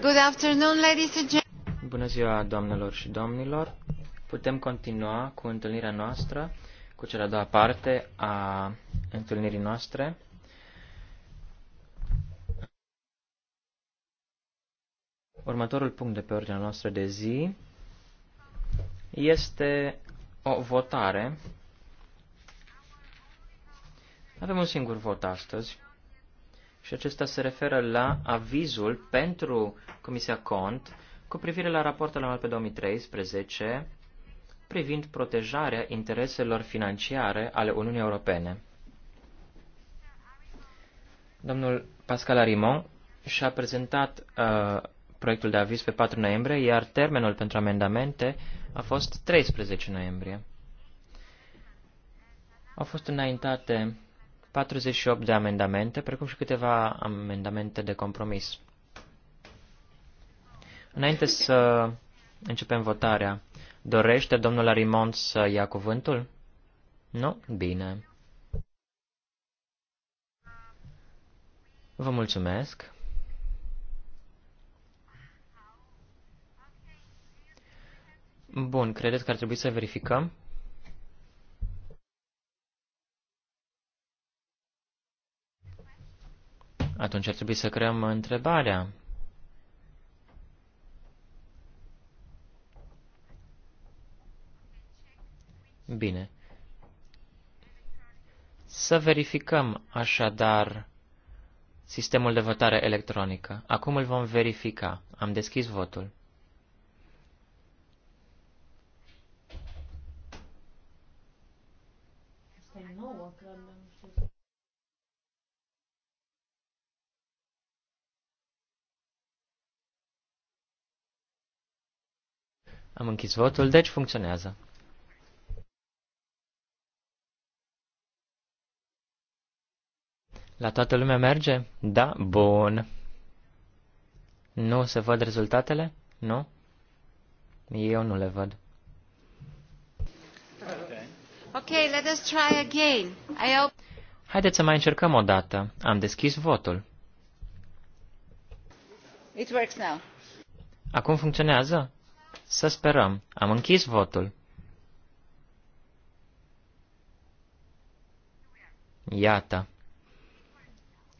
Good afternoon, ladies and gentlemen. Bună ziua, doamnelor și domnilor. Putem continua cu întâlnirea noastră, cu cea de-a doua parte a întâlnirii noastre. Următorul punct de pe ordinea noastră de zi este o votare. Avem un singur vot astăzi și acesta se referă la avizul pentru Comisia Cont cu privire la raportul anual pe 2013 privind protejarea intereselor financiare ale Uniunii Europene. Domnul Pascal Arimon și-a prezentat uh, proiectul de aviz pe 4 noiembrie, iar termenul pentru amendamente a fost 13 noiembrie. Au fost înaintate 48 de amendamente, precum și câteva amendamente de compromis. Înainte să începem votarea, dorește domnul Arimont să ia cuvântul? Nu? Bine. Vă mulțumesc. Bun, credeți că ar trebui să verificăm? atunci ar trebui să creăm întrebarea. Bine. Să verificăm așadar sistemul de votare electronică. Acum îl vom verifica. Am deschis votul. Am închis votul, deci funcționează. La toată lumea merge? Da? Bun. Nu se văd rezultatele? Nu? Eu nu le văd. Okay, let us try again. I hope... Haideți să mai încercăm o dată. Am deschis votul. It works now. Acum funcționează? Să sperăm. Am închis votul. Iată.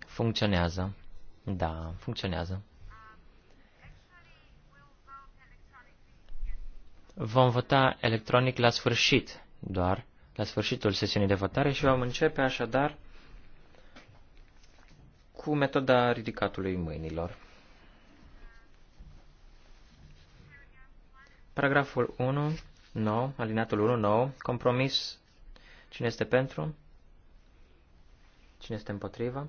Funcționează. Da, funcționează. Vom vota electronic la sfârșit, doar la sfârșitul sesiunii de votare și vom începe așadar cu metoda ridicatului mâinilor. Paragraful 1, 9, alineatul 1, 9, compromis. Cine este pentru? Cine este împotriva?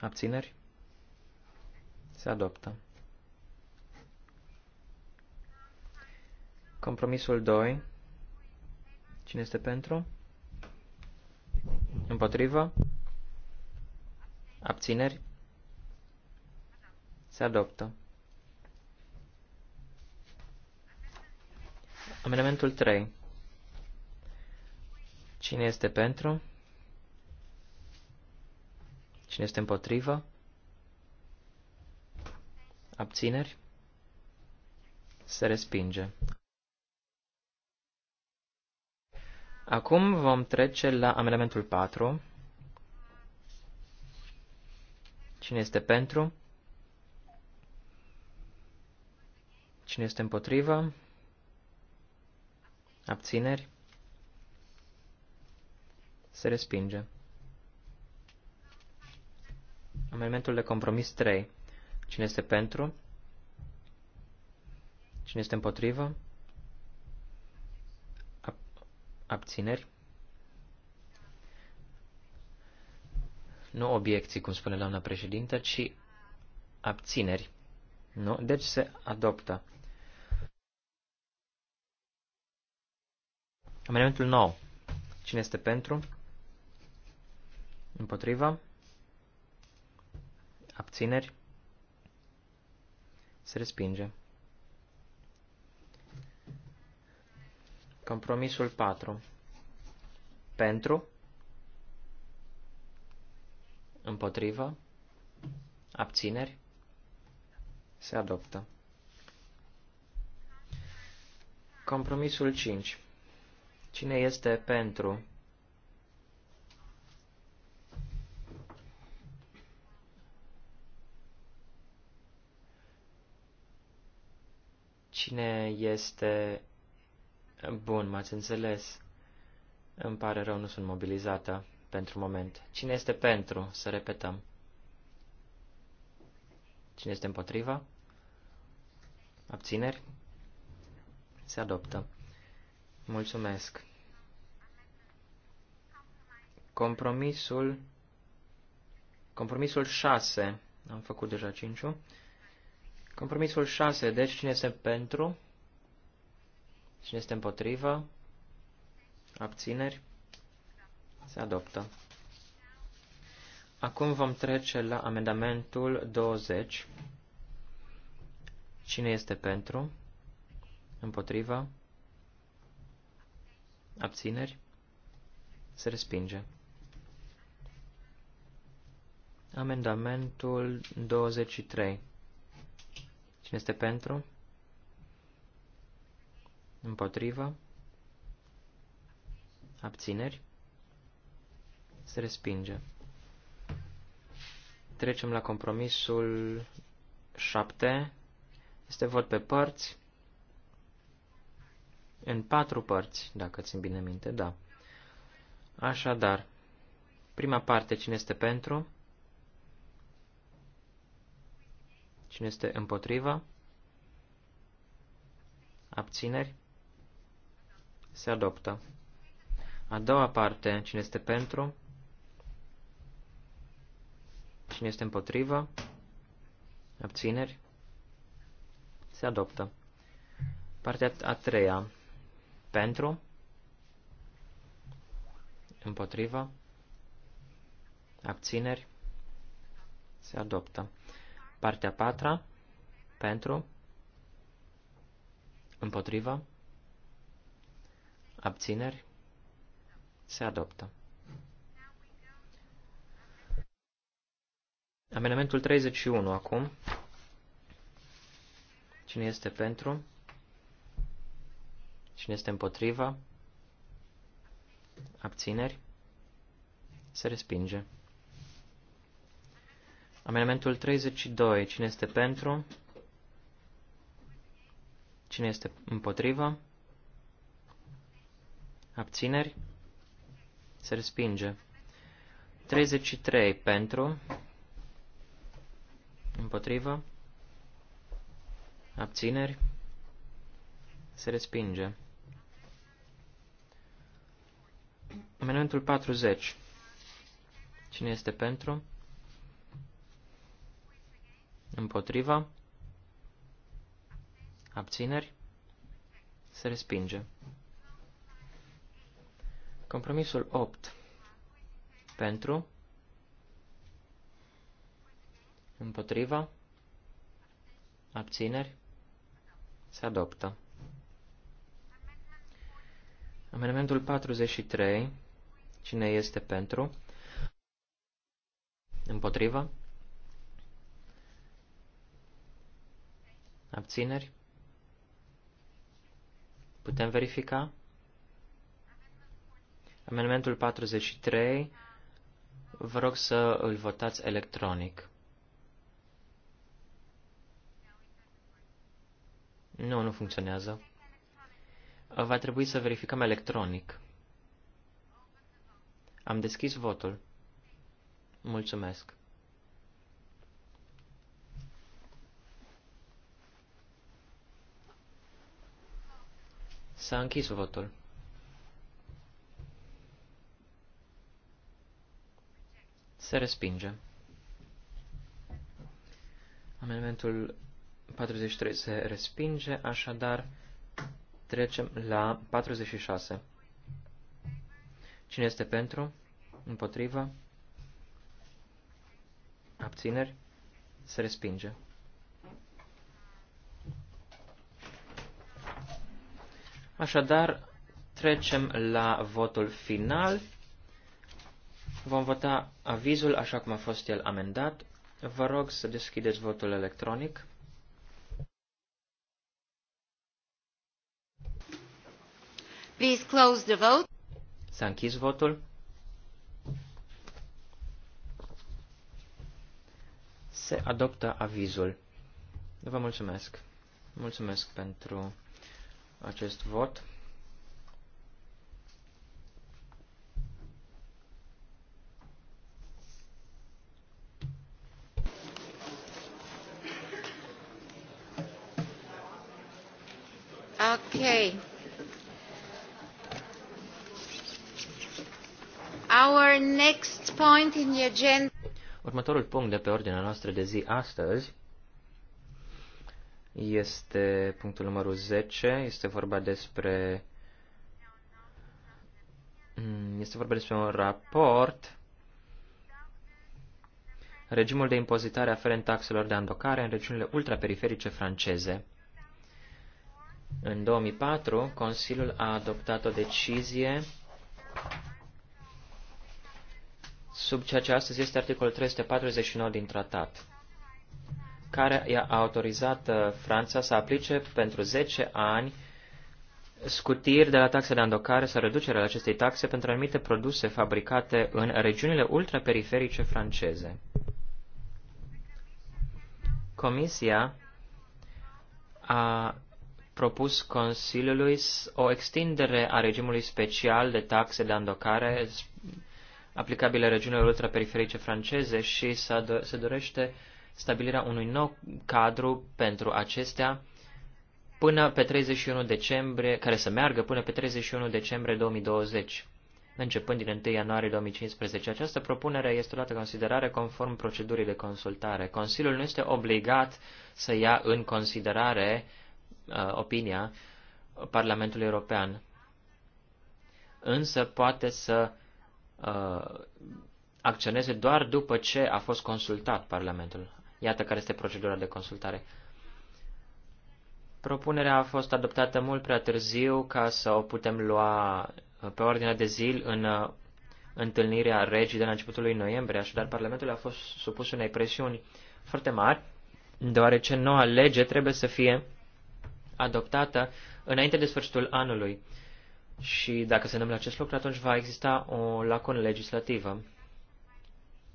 Abțineri? Se adoptă. Compromisul 2. Cine este pentru? Împotriva? Abțineri? Se adoptă. Amendamentul 3. Cine este pentru? Cine este împotrivă? Abțineri? Se respinge. Acum vom trece la amendamentul 4. Cine este pentru? Cine este împotrivă? Abțineri. Se respinge. Amendamentul de compromis 3. Cine este pentru? Cine este împotrivă? Ab abțineri? Nu obiecții, cum spune doamna președintă, ci abțineri. Nu? Deci se adoptă. Amendamentul 9. Cine este pentru? Împotriva? Abțineri? Se respinge. Compromisul 4. Pentru? Împotriva? Abțineri? Se adoptă. Compromisul 5 Cine este pentru? Cine este... Bun, m-ați înțeles. Îmi pare rău, nu sunt mobilizată pentru moment. Cine este pentru? Să repetăm. Cine este împotriva? Abțineri? Se adoptă. Mulțumesc. Compromisul, compromisul 6, am făcut deja 5 Compromisul 6, deci cine este pentru, cine este împotrivă, abțineri, se adoptă. Acum vom trece la amendamentul 20. Cine este pentru? Împotriva? Abțineri? Se respinge. Amendamentul 23. Cine este pentru? Împotrivă? Abțineri? Se respinge. Trecem la compromisul 7. Este vot pe părți în patru părți, dacă țin bine minte, da. Așadar, prima parte, cine este pentru? Cine este împotriva? Abțineri? Se adoptă. A doua parte, cine este pentru? Cine este împotriva? Abțineri? Se adoptă. Partea a treia, pentru. Împotrivă. Abțineri. Se adoptă. Partea a patra. Pentru. Împotrivă. Abțineri. Se adoptă. Amendamentul 31 acum. Cine este pentru? Cine este împotriva? Abțineri? Se respinge. Amendamentul 32. Cine este pentru? Cine este împotriva? Abțineri? Se respinge. 33 pentru. Împotriva. Abțineri. Se respinge. Amendamentul 40. Cine este pentru? Împotriva? Abțineri? Se respinge. Compromisul 8. Pentru? Împotriva? Abțineri? Se adoptă. Amendamentul 43 Cine este pentru? Împotrivă? Abțineri? Putem verifica? Amendamentul 43, vă rog să îl votați electronic. Nu, nu funcționează. Va trebui să verificăm electronic. Am deschis votul. Mulțumesc. S-a închis votul. Se respinge. Amendamentul 43 se respinge, așadar trecem la 46. Cine este pentru? Împotrivă? Abțineri? Se respinge. Așadar, trecem la votul final. Vom vota avizul așa cum a fost el amendat. Vă rog să deschideți votul electronic. Please close the vote. S-a închis votul. Se adoptă avizul. Vă mulțumesc. Mulțumesc pentru acest vot. Okay. Our next point in the agenda... Următorul punct de pe ordinea noastră de zi astăzi este punctul numărul 10, este vorba despre mm, este vorba despre un raport regimul de impozitare aferent taxelor de andocare în regiunile ultraperiferice franceze. În 2004, Consiliul a adoptat o decizie sub ceea ce astăzi este articolul 349 din tratat, care i-a autorizat uh, Franța să aplice pentru 10 ani scutiri de la taxe de andocare sau reducerea acestei taxe pentru anumite produse fabricate în regiunile ultraperiferice franceze. Comisia a propus Consiliului o extindere a regimului special de taxe de andocare aplicabile regiunilor ultraperiferice franceze și se dorește stabilirea unui nou cadru pentru acestea până pe 31 decembrie, care să meargă până pe 31 decembrie 2020, începând din 1 ianuarie 2015. Această propunere este luată în considerare conform procedurii de consultare. Consiliul nu este obligat să ia în considerare uh, opinia Parlamentului European, însă poate să Uh, acționeze doar după ce a fost consultat Parlamentul. Iată care este procedura de consultare. Propunerea a fost adoptată mult prea târziu ca să o putem lua pe ordinea de zi în uh, întâlnirea regii de la începutul lui noiembrie, așadar Parlamentul a fost supus unei presiuni foarte mari, deoarece noua lege trebuie să fie adoptată înainte de sfârșitul anului. Și dacă se întâmplă acest lucru, atunci va exista o lacună legislativă,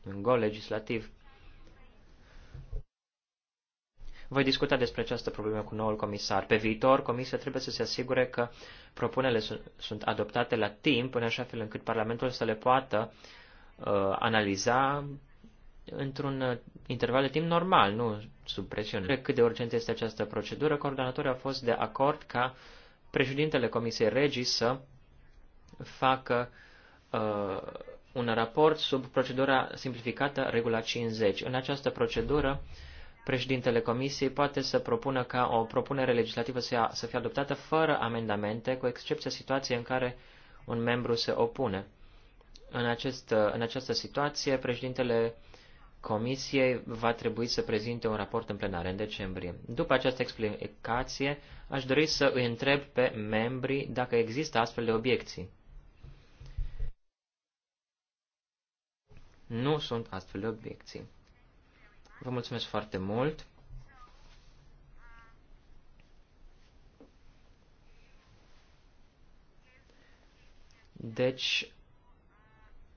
un gol legislativ. Voi discuta despre această problemă cu noul comisar. Pe viitor, comisia trebuie să se asigure că propunerile sunt adoptate la timp, în așa fel încât Parlamentul să le poată uh, analiza într-un uh, interval de timp normal, nu sub presiune. Cât de urgentă este această procedură, coordonatorii au fost de acord ca președintele Comisiei Regii să facă uh, un raport sub procedura simplificată, regula 50. În această procedură, președintele Comisiei poate să propună ca o propunere legislativă să, ia, să fie adoptată fără amendamente, cu excepția situației în care un membru se opune. În, acest, în această situație, președintele Comisiei va trebui să prezinte un raport în plenare în decembrie. După această explicație, aș dori să îi întreb pe membrii dacă există astfel de obiecții. Nu sunt astfel de obiecții. Vă mulțumesc foarte mult. Deci,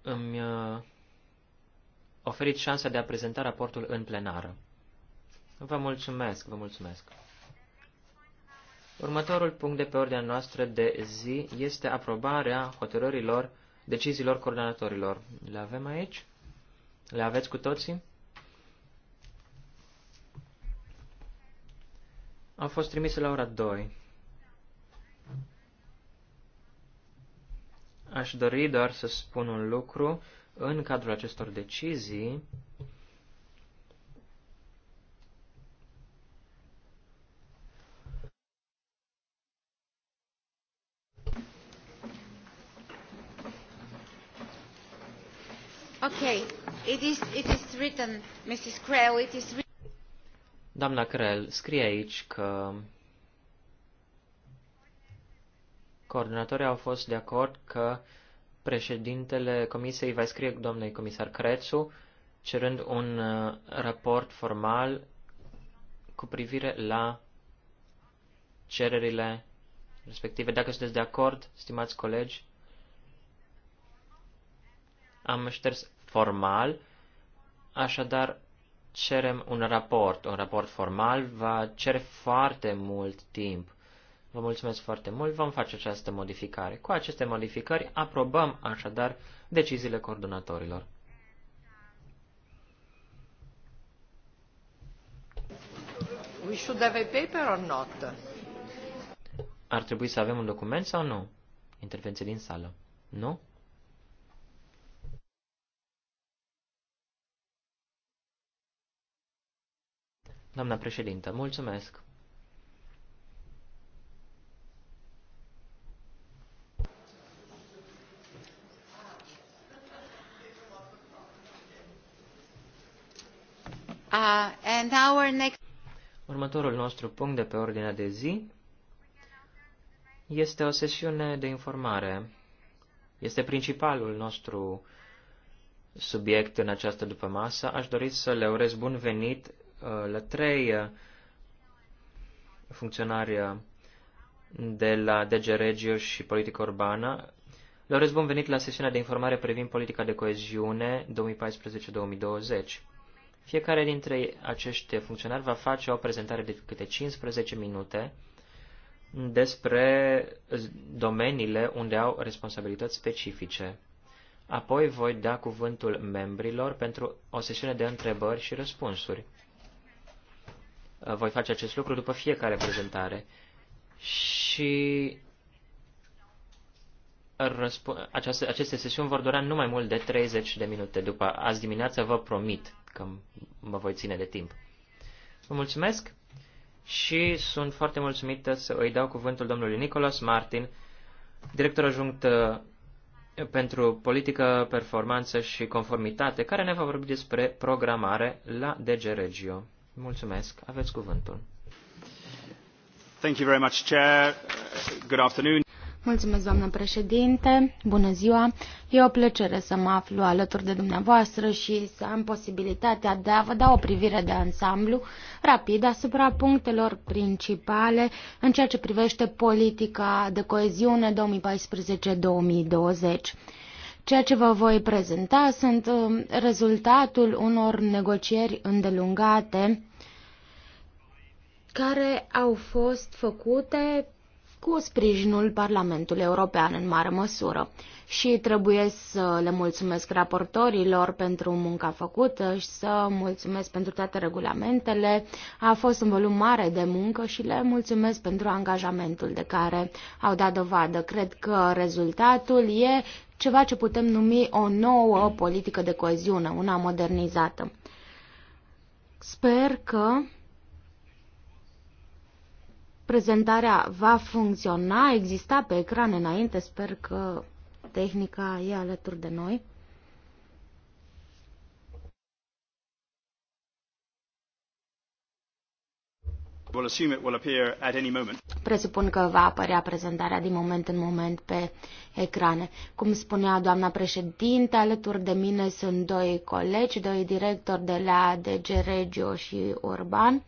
îmi uh, oferit șansa de a prezenta raportul în plenară. Vă mulțumesc, vă mulțumesc. Următorul punct de pe ordinea noastră de zi este aprobarea hotărârilor, deciziilor coordonatorilor. Le avem aici? Le aveți cu toții? Au fost trimise la ora 2. Aș dori doar să spun un lucru. În cadrul acestor decizii, Okay, it is, it is written, Mrs. Creel, it is written. Doamna Creel, scrie aici că coordonatorii au fost de acord că președintele comisiei va scrie domnului comisar Crețu, cerând un uh, raport formal cu privire la cererile respective. Dacă sunteți de acord, stimați colegi, am șters formal, așadar cerem un raport. Un raport formal va cere foarte mult timp. Vă mulțumesc foarte mult, vom face această modificare. Cu aceste modificări aprobăm așadar deciziile coordonatorilor. We should have a paper or not? Ar trebui să avem un document sau nu? Intervenție din sală. Nu? Doamna președintă, mulțumesc. Uh, and our next... Următorul nostru punct de pe ordinea de zi este o sesiune de informare. Este principalul nostru subiect în această dupămasă. Aș dori să le urez bun venit uh, la trei uh, funcționari uh, de la DG Regio și Politică Urbană. Le urez bun venit la sesiunea de informare privind politica de coeziune 2014-2020. Fiecare dintre acești funcționari va face o prezentare de câte 15 minute despre domeniile unde au responsabilități specifice. Apoi voi da cuvântul membrilor pentru o sesiune de întrebări și răspunsuri. Voi face acest lucru după fiecare prezentare. Și aceste sesiuni vor dura nu mai mult de 30 de minute. După azi dimineață vă promit că mă voi ține de timp. Vă mulțumesc și sunt foarte mulțumită să îi dau cuvântul domnului Nicolas Martin, director ajunct uh, pentru politică, performanță și conformitate, care ne va vorbi despre programare la DG Regio. Mulțumesc, aveți cuvântul. Thank you very much, Chair. Good afternoon. Mulțumesc, doamnă președinte, bună ziua! E o plăcere să mă aflu alături de dumneavoastră și să am posibilitatea de a vă da o privire de ansamblu rapid asupra punctelor principale în ceea ce privește politica de coeziune 2014-2020. Ceea ce vă voi prezenta sunt um, rezultatul unor negocieri îndelungate care au fost făcute cu sprijinul Parlamentului European în mare măsură. Și trebuie să le mulțumesc raportorilor pentru munca făcută și să mulțumesc pentru toate regulamentele. A fost un volum mare de muncă și le mulțumesc pentru angajamentul de care au dat dovadă. Cred că rezultatul e ceva ce putem numi o nouă politică de coeziune, una modernizată. Sper că Prezentarea va funcționa, exista pe ecran înainte, sper că tehnica e alături de noi. Presupun că va apărea prezentarea din moment în moment pe ecrane. Cum spunea doamna președinte, alături de mine sunt doi colegi, doi directori de la DG Regio și Urban.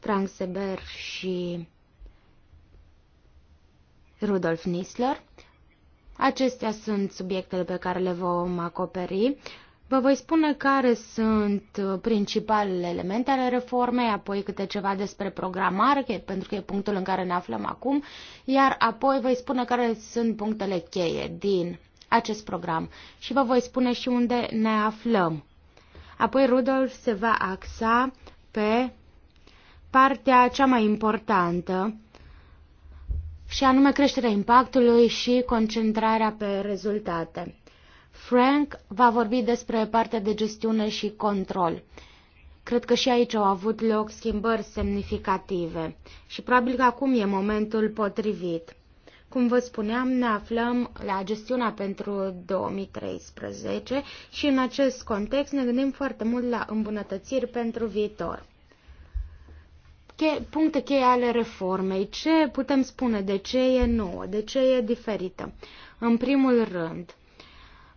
Frank Seber și Rudolf Nisler. Acestea sunt subiectele pe care le vom acoperi. Vă voi spune care sunt principalele elemente ale reformei, apoi câte ceva despre programare, pentru că e punctul în care ne aflăm acum, iar apoi voi spune care sunt punctele cheie din acest program și vă voi spune și unde ne aflăm. Apoi Rudolf se va axa pe partea cea mai importantă și anume creșterea impactului și concentrarea pe rezultate. Frank va vorbi despre partea de gestiune și control. Cred că și aici au avut loc schimbări semnificative și probabil că acum e momentul potrivit. Cum vă spuneam, ne aflăm la gestiunea pentru 2013 și în acest context ne gândim foarte mult la îmbunătățiri pentru viitor che- puncte cheie ale reformei. Ce putem spune? De ce e nouă? De ce e diferită? În primul rând,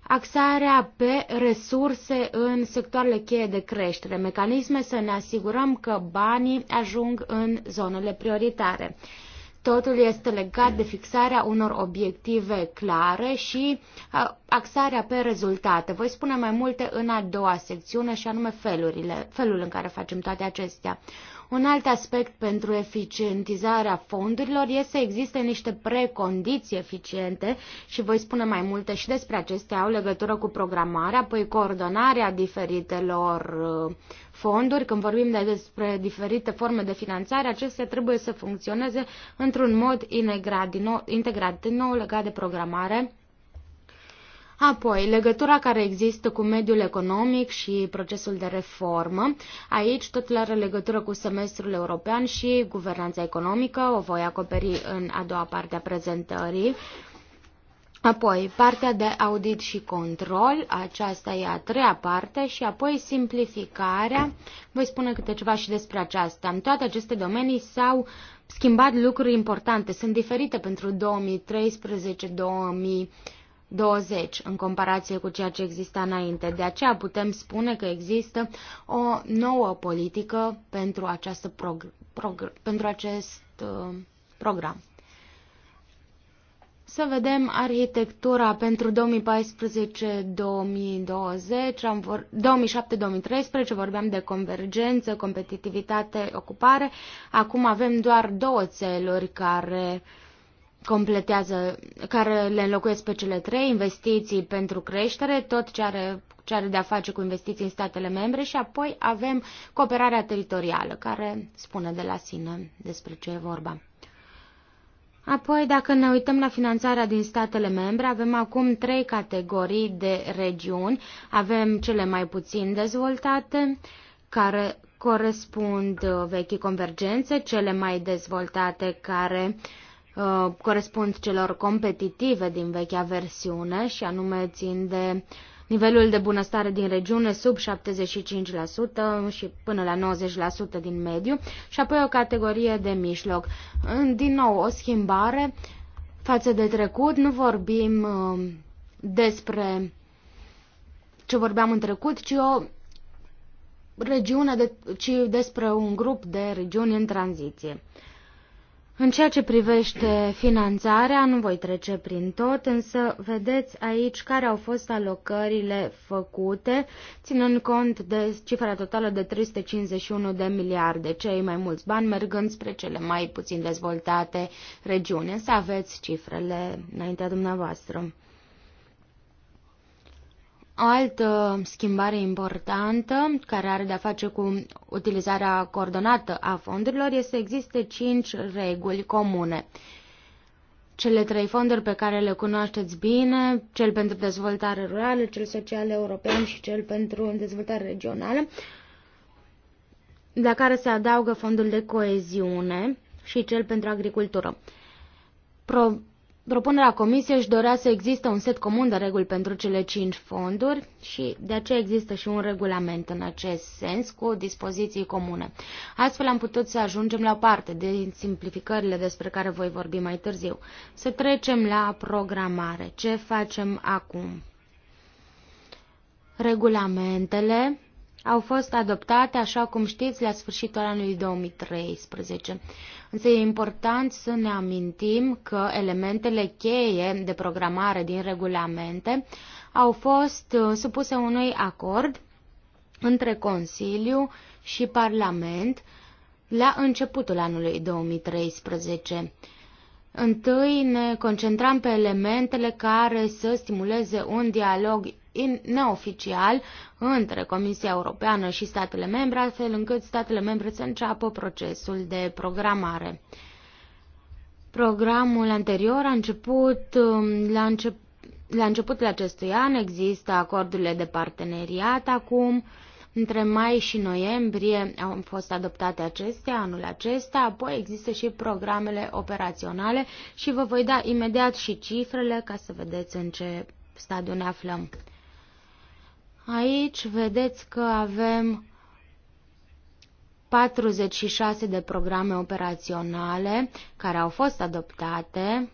axarea pe resurse în sectoarele cheie de creștere, mecanisme să ne asigurăm că banii ajung în zonele prioritare. Totul este legat de fixarea unor obiective clare și axarea pe rezultate. Voi spune mai multe în a doua secțiune și anume felurile, felul în care facem toate acestea. Un alt aspect pentru eficientizarea fondurilor este să existe niște precondiții eficiente și voi spune mai multe și despre acestea au legătură cu programarea, apoi coordonarea diferitelor uh, fonduri. Când vorbim de despre diferite forme de finanțare, acestea trebuie să funcționeze într-un mod integrat, din nou, integrat, din nou legat de programare Apoi, legătura care există cu mediul economic și procesul de reformă. Aici totul are legătură cu semestrul european și guvernanța economică. O voi acoperi în a doua parte a prezentării. Apoi, partea de audit și control, aceasta e a treia parte și apoi simplificarea. Voi spune câte ceva și despre aceasta. În toate aceste domenii s-au schimbat lucruri importante, sunt diferite pentru 2013-2014 20 în comparație cu ceea ce exista înainte. De aceea putem spune că există o nouă politică pentru, această pentru acest uh, program. Să vedem arhitectura pentru 2014-2020, 2007-2013, vorbeam de convergență, competitivitate, ocupare. Acum avem doar două țeluri care uh, completează, care le înlocuiesc pe cele trei, investiții pentru creștere, tot ce are, ce are de-a face cu investiții în statele membre și apoi avem cooperarea teritorială, care spune de la sine despre ce e vorba. Apoi, dacă ne uităm la finanțarea din statele membre, avem acum trei categorii de regiuni. Avem cele mai puțin dezvoltate, care corespund vechii convergențe, cele mai dezvoltate care uh, Uh, corespund celor competitive din vechea versiune și anume țin de nivelul de bunăstare din regiune sub 75% și până la 90% din mediu și apoi o categorie de mijloc. Din nou, o schimbare față de trecut, nu vorbim uh, despre ce vorbeam în trecut, ci o regiune, de, ci despre un grup de regiuni în tranziție. În ceea ce privește finanțarea, nu voi trece prin tot, însă vedeți aici care au fost alocările făcute, ținând cont de cifra totală de 351 de miliarde, cei mai mulți bani mergând spre cele mai puțin dezvoltate regiuni. Să aveți cifrele înaintea dumneavoastră. O altă schimbare importantă care are de-a face cu utilizarea coordonată a fondurilor este să existe cinci reguli comune. Cele trei fonduri pe care le cunoașteți bine, cel pentru dezvoltare rurală, cel social european și cel pentru dezvoltare regională, la care se adaugă fondul de coeziune și cel pentru agricultură. Pro propunerea comisiei își dorea să existe un set comun de reguli pentru cele cinci fonduri și de aceea există și un regulament în acest sens cu dispoziții comune. Astfel am putut să ajungem la parte de simplificările despre care voi vorbi mai târziu. Să trecem la programare. Ce facem acum? Regulamentele au fost adoptate, așa cum știți, la sfârșitul anului 2013. Însă e important să ne amintim că elementele cheie de programare din regulamente au fost uh, supuse unui acord între Consiliu și Parlament la începutul anului 2013. Întâi ne concentram pe elementele care să stimuleze un dialog in, neoficial între Comisia Europeană și statele membre, astfel încât statele membre să înceapă procesul de programare. Programul anterior a început um, la, încep, la începutul acestui an, există acordurile de parteneriat acum, între mai și noiembrie au fost adoptate acestea anul acesta, apoi există și programele operaționale și vă voi da imediat și cifrele ca să vedeți în ce stadiu ne aflăm. Aici vedeți că avem 46 de programe operaționale care au fost adoptate.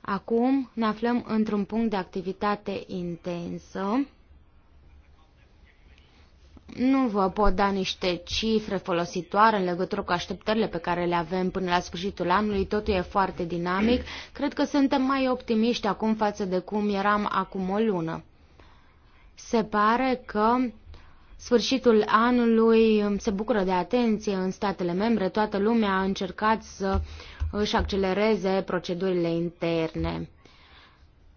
Acum ne aflăm într-un punct de activitate intensă. Nu vă pot da niște cifre folositoare în legătură cu așteptările pe care le avem până la sfârșitul anului. Totul e foarte dinamic. Cred că suntem mai optimiști acum față de cum eram acum o lună. Se pare că sfârșitul anului se bucură de atenție în statele membre. Toată lumea a încercat să își accelereze procedurile interne.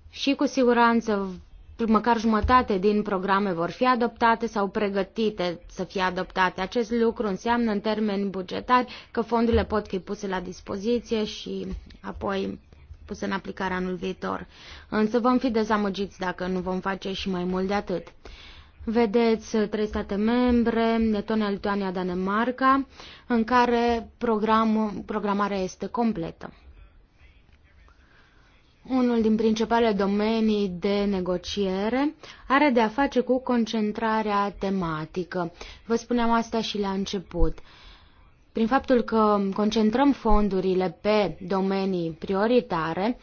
Și cu siguranță măcar jumătate din programe vor fi adoptate sau pregătite să fie adoptate. Acest lucru înseamnă în termeni bugetari că fondurile pot fi puse la dispoziție și apoi pus în aplicare anul viitor. Însă vom fi dezamăgiți dacă nu vom face și mai mult de atât. Vedeți uh, trei state membre, Letonia, Lituania, Danemarca, în care program, programarea este completă. Unul din principalele domenii de negociere are de a face cu concentrarea tematică. Vă spuneam asta și la început. Uh, prin faptul că concentrăm fondurile pe domenii prioritare,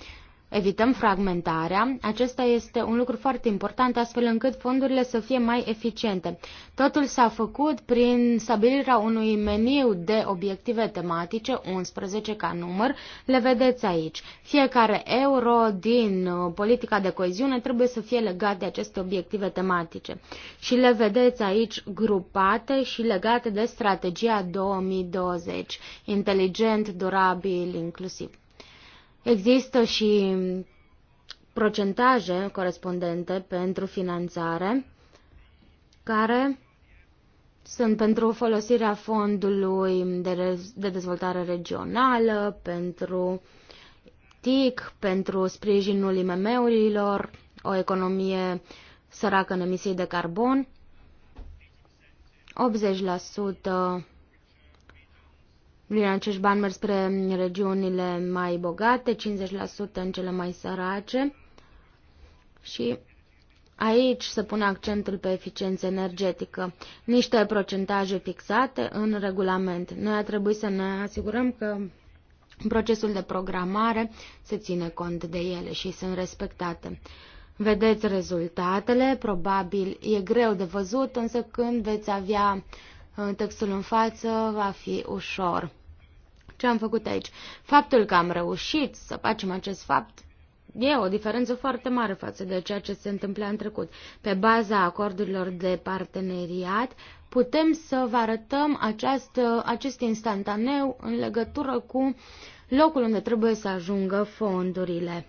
evităm fragmentarea. Acesta este un lucru foarte important, astfel încât fondurile să fie mai eficiente. Totul s-a făcut prin stabilirea unui meniu de obiective tematice, 11 ca număr, le vedeți aici. Fiecare euro din uh, politica de coeziune trebuie să fie legat de aceste obiective tematice. Și le vedeți aici grupate și legate de strategia 2020, inteligent, durabil, inclusiv. Există și procentaje corespondente pentru finanțare care sunt pentru folosirea fondului de, de dezvoltare regională, pentru TIC, pentru sprijinul IMM-urilor, o economie săracă în emisii de carbon. 80% din acești bani merg spre regiunile mai bogate, 50% în cele mai sărace și aici se pune accentul pe eficiență energetică. Niște procentaje fixate în regulament. Noi ar trebui să ne asigurăm că procesul de programare se ține cont de ele și sunt respectate. Vedeți rezultatele, probabil e greu de văzut, însă când veți avea uh, textul în față va fi ușor ce am făcut aici. Faptul că am reușit să facem acest fapt e o diferență foarte mare față de ceea ce se întâmpla în trecut. Pe baza acordurilor de parteneriat putem să vă arătăm această, acest instantaneu în legătură cu locul unde trebuie să ajungă fondurile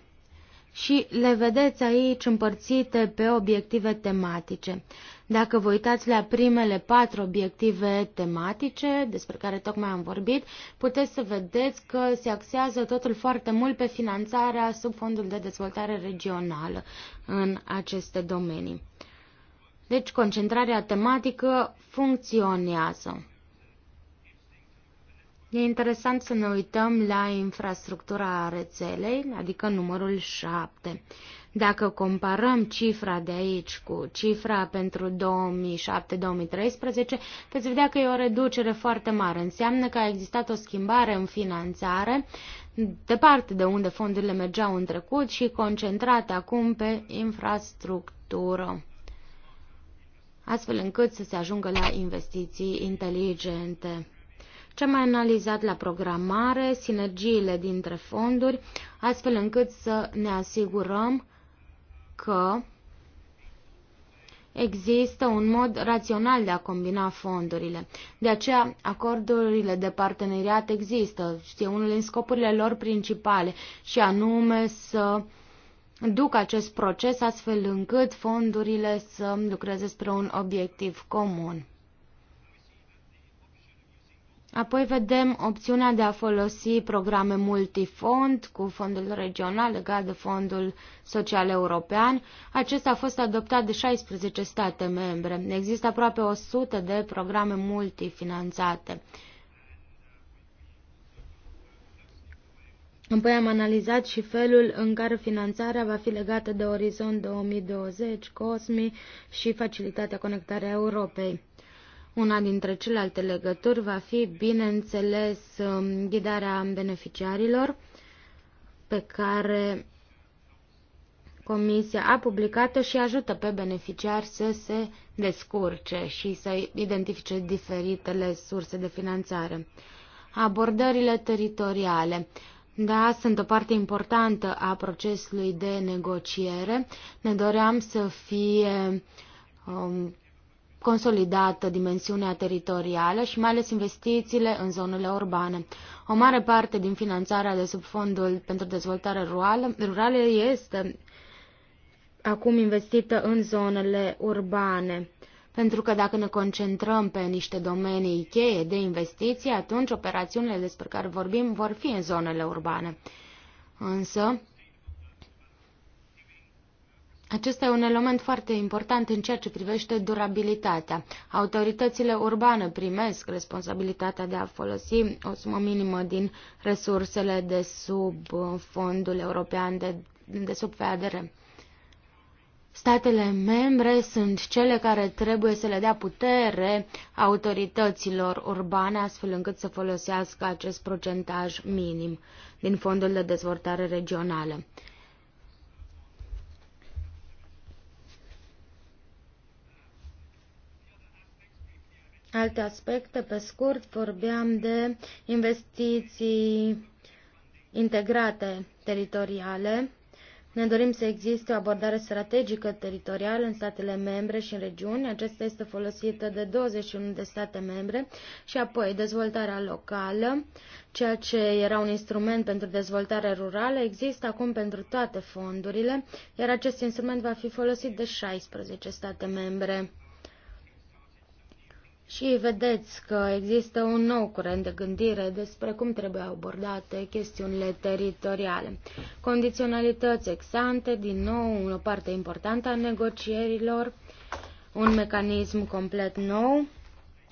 și le vedeți aici împărțite pe obiective tematice. Dacă vă uitați la primele patru obiective tematice despre care tocmai am vorbit, puteți să vedeți că se axează totul foarte mult pe finanțarea sub fondul de dezvoltare regională în aceste domenii. Deci concentrarea tematică funcționează. E interesant să ne uităm la infrastructura rețelei, adică numărul 7. Dacă comparăm cifra de aici cu cifra pentru 2007-2013, veți vedea că e o reducere foarte mare. Înseamnă că a existat o schimbare în finanțare, departe de unde fondurile mergeau în trecut și concentrate acum pe infrastructură astfel încât să se ajungă la investiții inteligente. Ce am mai analizat la programare, sinergiile dintre fonduri, astfel încât să ne asigurăm că există un mod rațional de a combina fondurile. De aceea, acordurile de parteneriat există, știe unul din scopurile lor principale, și anume să duc acest proces astfel încât fondurile să lucreze spre un obiectiv comun. Apoi vedem opțiunea de a folosi programe multifond cu fondul regional legat de fondul social european. Acesta a fost adoptat de 16 state membre. Există aproape 100 de programe multifinanțate. Apoi am analizat și felul în care finanțarea va fi legată de Orizont 2020, COSMI și Facilitatea Conectarea Europei. Una dintre celelalte legături va fi, bineînțeles, um, ghidarea beneficiarilor pe care Comisia a publicat-o și ajută pe beneficiari să se descurce și să identifice diferitele surse de finanțare. Abordările teritoriale. Da, sunt o parte importantă a procesului de negociere. Ne doream să fie um, consolidată dimensiunea teritorială și mai ales investițiile în zonele urbane. O mare parte din finanțarea de sub fondul pentru dezvoltare rurală, rurală este acum investită în zonele urbane. Pentru că dacă ne concentrăm pe niște domenii cheie de investiții, atunci operațiunile despre care vorbim vor fi în zonele urbane. Însă, acesta e un element foarte important în ceea ce privește durabilitatea. Autoritățile urbane primesc responsabilitatea de a folosi o sumă minimă din resursele de sub fondul european de, de sub FADR. Statele membre sunt cele care trebuie să le dea putere autorităților urbane astfel încât să folosească acest procentaj minim din fondul de dezvoltare regională. Alte aspecte, pe scurt, vorbeam de investiții integrate teritoriale. Ne dorim să existe o abordare strategică teritorială în statele membre și în regiuni. Aceasta este folosită de 21 de state membre și apoi dezvoltarea locală, ceea ce era un instrument pentru dezvoltare rurală, există acum pentru toate fondurile, iar acest instrument va fi folosit de 16 state membre. Și vedeți că există un nou curent de gândire despre cum trebuie abordate chestiunile teritoriale. Condiționalități exante, din nou, o parte importantă a negocierilor, un mecanism complet nou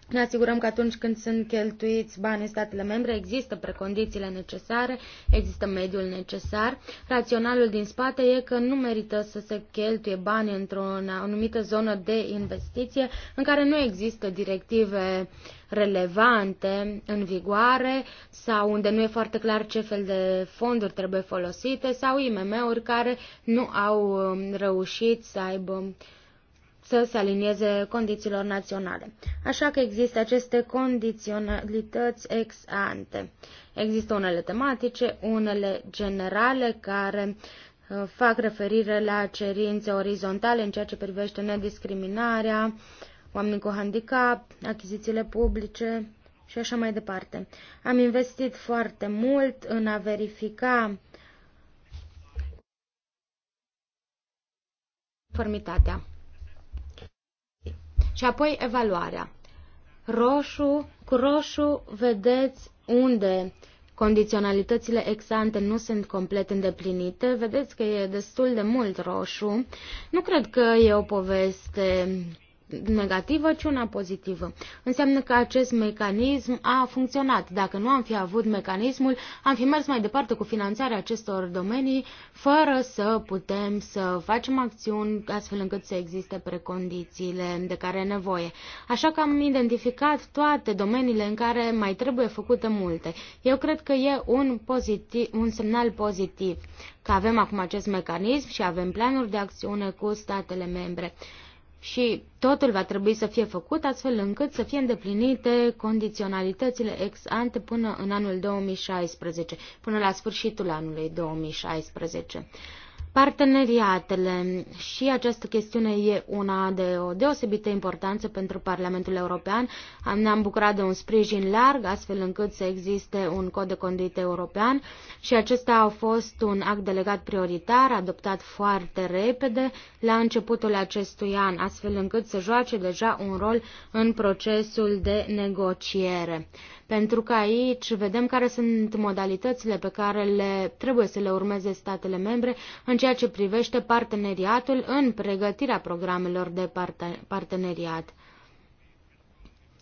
ne asigurăm că atunci când sunt cheltuiți banii statele membre, există precondițiile necesare, există mediul necesar. Raționalul din spate e că nu merită să se cheltuie bani într-o anumită zonă de investiție în care nu există directive relevante în vigoare sau unde nu e foarte clar ce fel de fonduri trebuie folosite sau IMM-uri care nu au um, reușit să aibă să se alinieze condițiilor naționale. Așa că există aceste condiționalități ex ante. Există unele tematice, unele generale care uh, fac referire la cerințe orizontale în ceea ce privește nediscriminarea, oamenii cu handicap, achizițiile publice și așa mai departe. Am investit foarte mult în a verifica formitatea. Și apoi evaluarea. Roșu, cu roșu vedeți unde condiționalitățile exante nu sunt complet îndeplinite. Vedeți că e destul de mult roșu. Nu cred că e o poveste negativă, ci una pozitivă. Înseamnă că acest mecanism a funcționat. Dacă nu am fi avut mecanismul, am fi mers mai departe cu finanțarea acestor domenii fără să putem să facem acțiuni astfel încât să existe precondițiile de care e nevoie. Așa că am identificat toate domeniile în care mai trebuie făcute multe. Eu cred că e un, pozitiv, un semnal pozitiv că avem acum acest mecanism și avem planuri de acțiune cu statele membre și totul va trebui să fie făcut astfel încât să fie îndeplinite condiționalitățile ex ante până în anul 2016, până la sfârșitul anului 2016. Parteneriatele și această chestiune e una de o deosebită importanță pentru Parlamentul European. Ne-am bucurat de un sprijin larg, astfel încât să existe un cod de conduită european și acesta a fost un act delegat prioritar, adoptat foarte repede la începutul acestui an, astfel încât să joace deja un rol în procesul de negociere pentru că aici vedem care sunt modalitățile pe care le trebuie să le urmeze statele membre în ceea ce privește parteneriatul în pregătirea programelor de parteneriat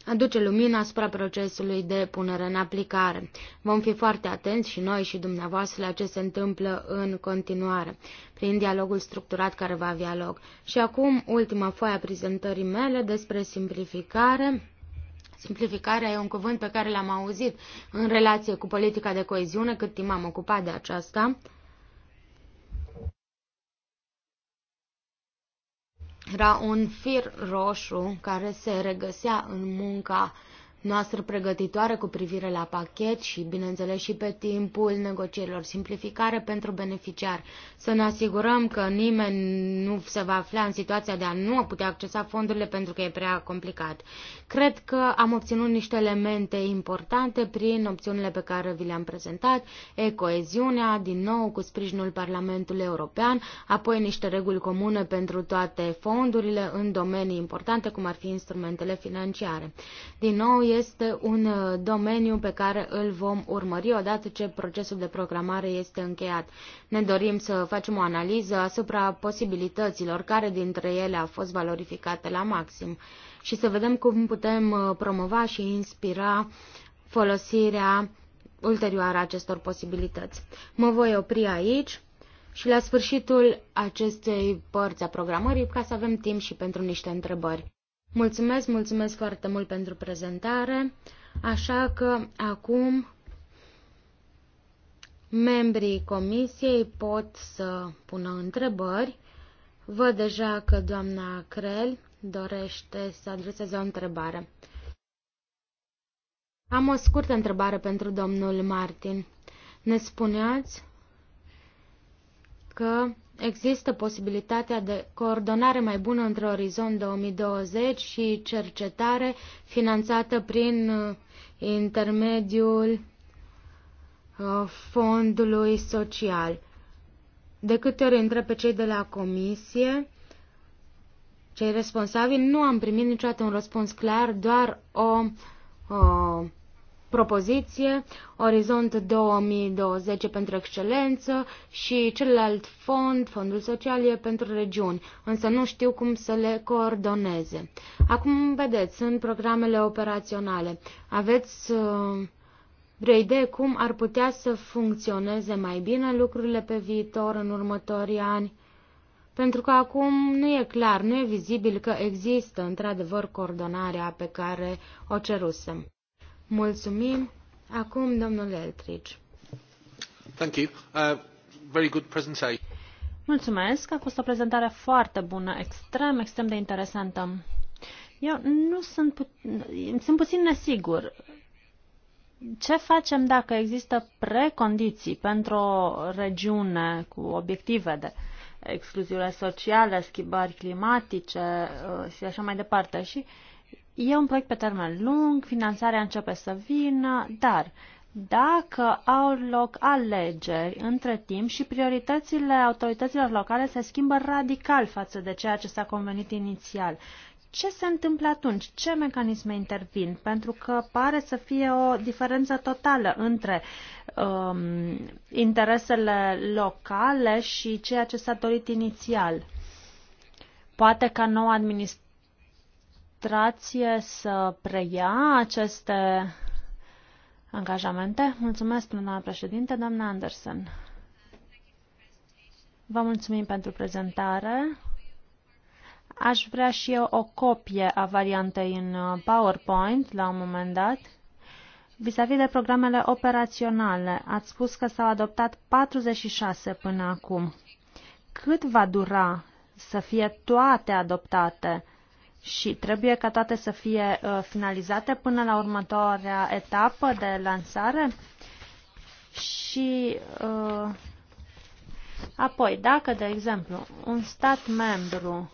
aduce lumină asupra procesului de punere în aplicare. Vom fi foarte atenți și noi și dumneavoastră la ce se întâmplă în continuare, prin dialogul structurat care va avea loc. Și acum, ultima foaie a prezentării mele despre simplificare. Simplificarea e un cuvânt pe care l-am auzit în relație cu politica de coeziune cât timp am ocupat de aceasta. Era un fir roșu care se regăsea în munca uh, noastră pregătitoare cu privire la pachet și, bineînțeles, și pe timpul negocierilor simplificare pentru beneficiar. Să ne asigurăm că nimeni nu se va afla în situația de a nu putea accesa fondurile pentru că e prea complicat. Cred că am obținut niște elemente importante prin opțiunile pe care vi le-am prezentat, e-coeziunea, din nou cu sprijinul Parlamentului European, apoi niște reguli comune pentru toate fondurile în domenii importante, cum ar fi instrumentele financiare. Din nou, este un uh, domeniu pe care îl vom urmări odată ce procesul de programare este încheiat. Ne dorim să facem o analiză asupra posibilităților, care dintre ele a fost valorificate la maxim și să vedem cum putem uh, promova și inspira folosirea ulterioară a acestor posibilități. Mă voi opri aici și la sfârșitul acestei părți a programării ca să avem timp și pentru niște întrebări. Mulțumesc, mulțumesc foarte mult pentru prezentare. Așa că acum membrii comisiei pot să pună întrebări. Văd deja că doamna Crel dorește să adreseze o întrebare. Am o scurtă întrebare pentru domnul Martin. Ne spuneați că există posibilitatea de coordonare mai bună între Orizont 2020 și cercetare finanțată prin uh, intermediul uh, fondului social. De câte ori întreb pe cei de la comisie, cei responsabili, nu am primit niciodată un răspuns clar, doar o, o uh, propoziție, Orizont 2020 pentru excelență și celălalt fond, Fondul Social, e pentru regiuni, însă nu știu cum să le coordoneze. Acum, vedeți, sunt programele operaționale. Aveți uh, vreo idee cum ar putea să funcționeze mai bine lucrurile pe viitor, în următorii ani? Pentru că acum nu e clar, nu e vizibil că există într-adevăr coordonarea pe care o cerusem. Mulțumim. Acum, domnul Eltridge. Thank you. Uh, very good presentation. Mulțumesc. A fost o prezentare foarte bună, extrem, extrem de interesantă. Eu nu sunt, pu- sunt puțin nesigur. Ce facem dacă există precondiții pentru o regiune cu obiective de excluziune socială, schimbări climatice uh, și așa mai departe? Și uh, E un proiect pe termen lung, finanțarea începe să vină, dar dacă au loc alegeri între timp și prioritățile autorităților locale se schimbă radical față de ceea ce s-a convenit inițial. Ce se întâmplă atunci? Ce mecanisme intervin? Pentru că pare să fie o diferență totală între um, interesele locale și ceea ce s-a dorit inițial. Poate ca noua administrație administrație să preia aceste angajamente? Mulțumesc, doamna președinte, doamna Anderson. Vă mulțumim pentru prezentare. Aș vrea și eu o copie a variantei în uh, PowerPoint la un moment dat. Vis-a-vis -vis de programele operaționale, ați spus că s-au adoptat 46 până acum. Cât va dura să fie toate adoptate? și trebuie ca toate să fie uh, finalizate până la următoarea etapă de lansare și uh, apoi, dacă, de exemplu, un stat membru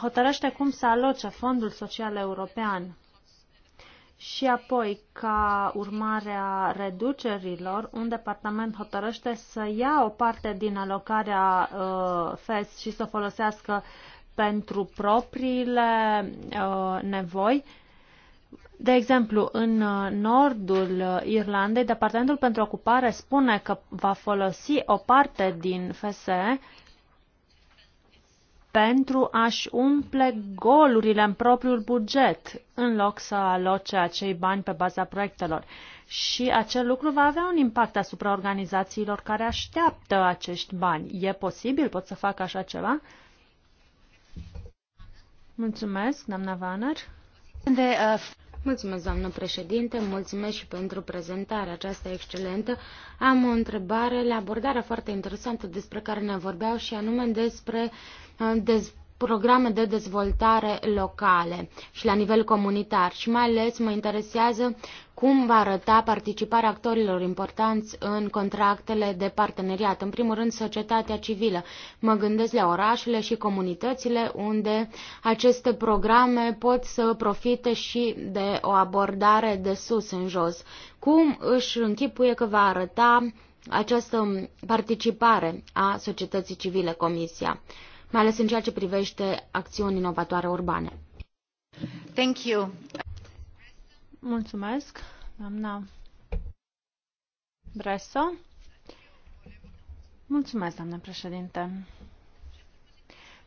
hotărăște cum să aloce Fondul Social European și apoi, ca urmare a reducerilor, un departament hotărăște să ia o parte din alocarea uh, FES și să o folosească pentru propriile uh, nevoi. De exemplu, în uh, nordul Irlandei, Departamentul pentru Ocupare spune că va folosi o parte din FSE pentru a-și umple golurile în propriul buget, în loc să aloce acei bani pe baza proiectelor. Și acel lucru va avea un impact asupra organizațiilor care așteaptă acești bani. E posibil? Pot să fac așa ceva? Mulțumesc, doamna Vaner. Mulțumesc, doamnă președinte, mulțumesc și pentru prezentarea aceasta excelentă. Am o întrebare la abordarea foarte interesantă despre care ne vorbeau și anume despre, uh, despre programe de dezvoltare locale și la nivel comunitar și mai ales mă interesează cum va arăta participarea actorilor importanți în contractele de parteneriat. În primul rând, societatea civilă. Mă gândesc la orașele și comunitățile unde aceste programe pot să profite și de o abordare de sus în jos. Cum își închipuie că va arăta această participare a societății civile Comisia? mai ales în ceea ce privește acțiuni inovatoare urbane. Thank you. Mulțumesc, doamna Bresso. Mulțumesc, doamna președinte.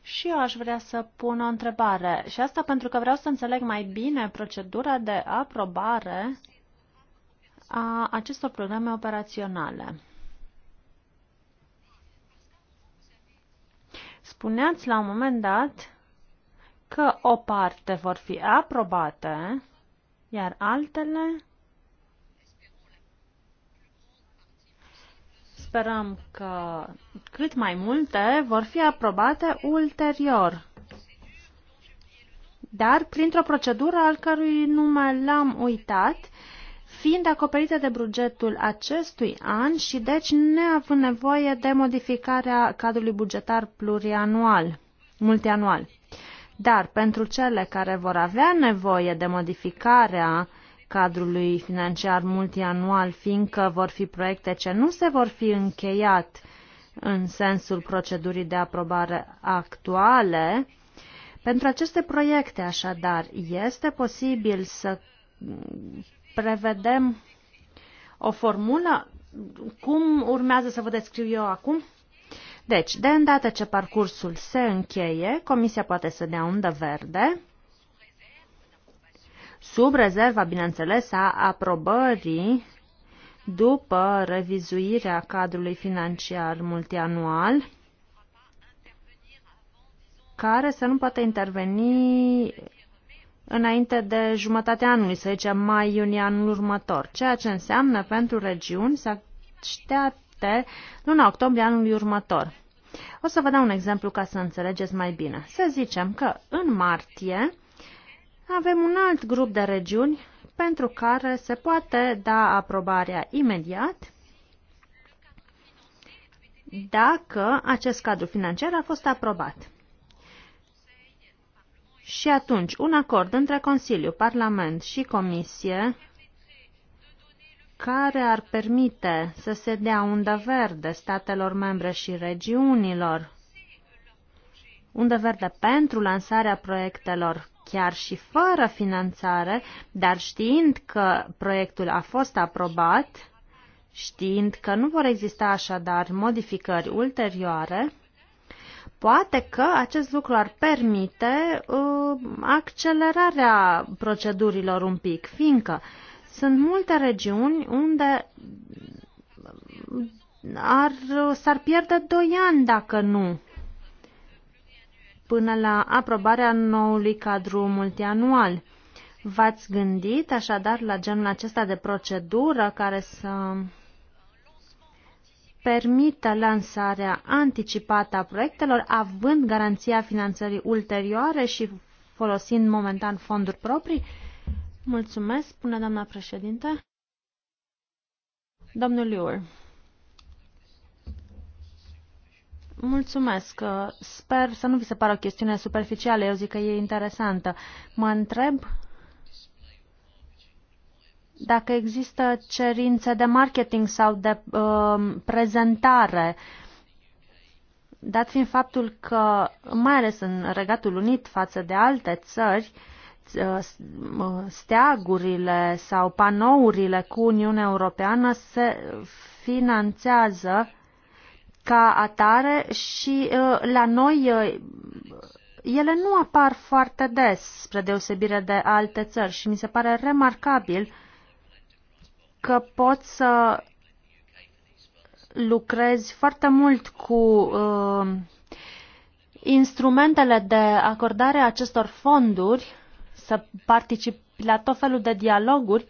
Și eu aș vrea să pun o întrebare, și asta pentru că vreau să înțeleg mai bine procedura de aprobare a acestor programe operaționale. Spuneați la un moment dat că o parte vor fi aprobate, iar altele sperăm că cât mai multe vor fi aprobate ulterior, dar printr-o procedură al cărui nume l-am uitat, fiind acoperite de bugetul acestui an și deci neavând nevoie de modificarea cadrului bugetar plurianual, multianual. Dar pentru cele care vor avea nevoie de modificarea cadrului financiar multianual, fiindcă vor fi proiecte ce nu se vor fi încheiat în sensul procedurii de aprobare actuale, pentru aceste proiecte, așadar, este posibil să prevedem o formulă? Cum urmează să vă descriu eu acum? Deci, de îndată ce parcursul se încheie, comisia poate să dea undă verde, sub rezerva, bineînțeles, a aprobării după revizuirea cadrului financiar multianual, care să nu poată interveni înainte de jumătatea anului, să zicem mai-iunie anul următor, ceea ce înseamnă pentru regiuni să aștepte luna octombrie anului următor. O să vă dau un exemplu ca să înțelegeți mai bine. Să zicem că în martie avem un alt grup de regiuni pentru care se poate da aprobarea imediat dacă acest cadru financiar a fost aprobat. Și atunci, un acord între Consiliu, Parlament și Comisie care ar permite să se dea undă verde statelor membre și regiunilor, undă verde pentru lansarea proiectelor, chiar și fără finanțare, dar știind că proiectul a fost aprobat, știind că nu vor exista așadar modificări ulterioare, Poate că acest lucru ar permite uh, accelerarea procedurilor un pic, fiindcă sunt multe regiuni unde uh, ar, s-ar pierde 2 ani dacă nu până la aprobarea noului cadru multianual. V-ați gândit așadar la genul acesta de procedură care să permită lansarea anticipată a proiectelor, având garanția finanțării ulterioare și folosind momentan fonduri proprii? Mulțumesc, spune doamna președinte. Domnul Liur. Mulțumesc. Sper să nu vi se pară o chestiune superficială, eu zic că e interesantă. Mă întreb dacă există cerințe de marketing sau de uh, prezentare, dat fiind faptul că, mai ales în Regatul Unit față de alte țări, uh, uh, steagurile sau panourile cu Uniunea Europeană se finanțează ca atare și uh, la noi ele nu apar foarte des, spre deosebire de alte țări și mi se pare remarcabil uh, că poți să lucrezi foarte mult cu uh, instrumentele de acordare a acestor fonduri, să participi la tot felul de dialoguri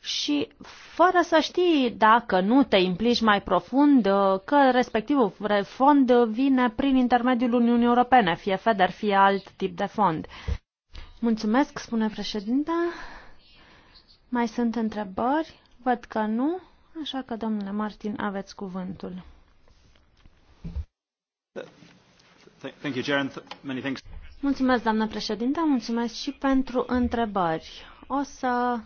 și fără să știi dacă nu te implici mai profund uh, că respectivul fond vine prin intermediul Uniunii Europene, fie FEDER, fie alt tip de fond. Mulțumesc, spune președinta. Mai sunt întrebări? Văd că nu, așa că, domnule Martin, aveți cuvântul. Thank you, Jaren. Many thanks. Mulțumesc, doamnă președinte, mulțumesc și pentru întrebări. O să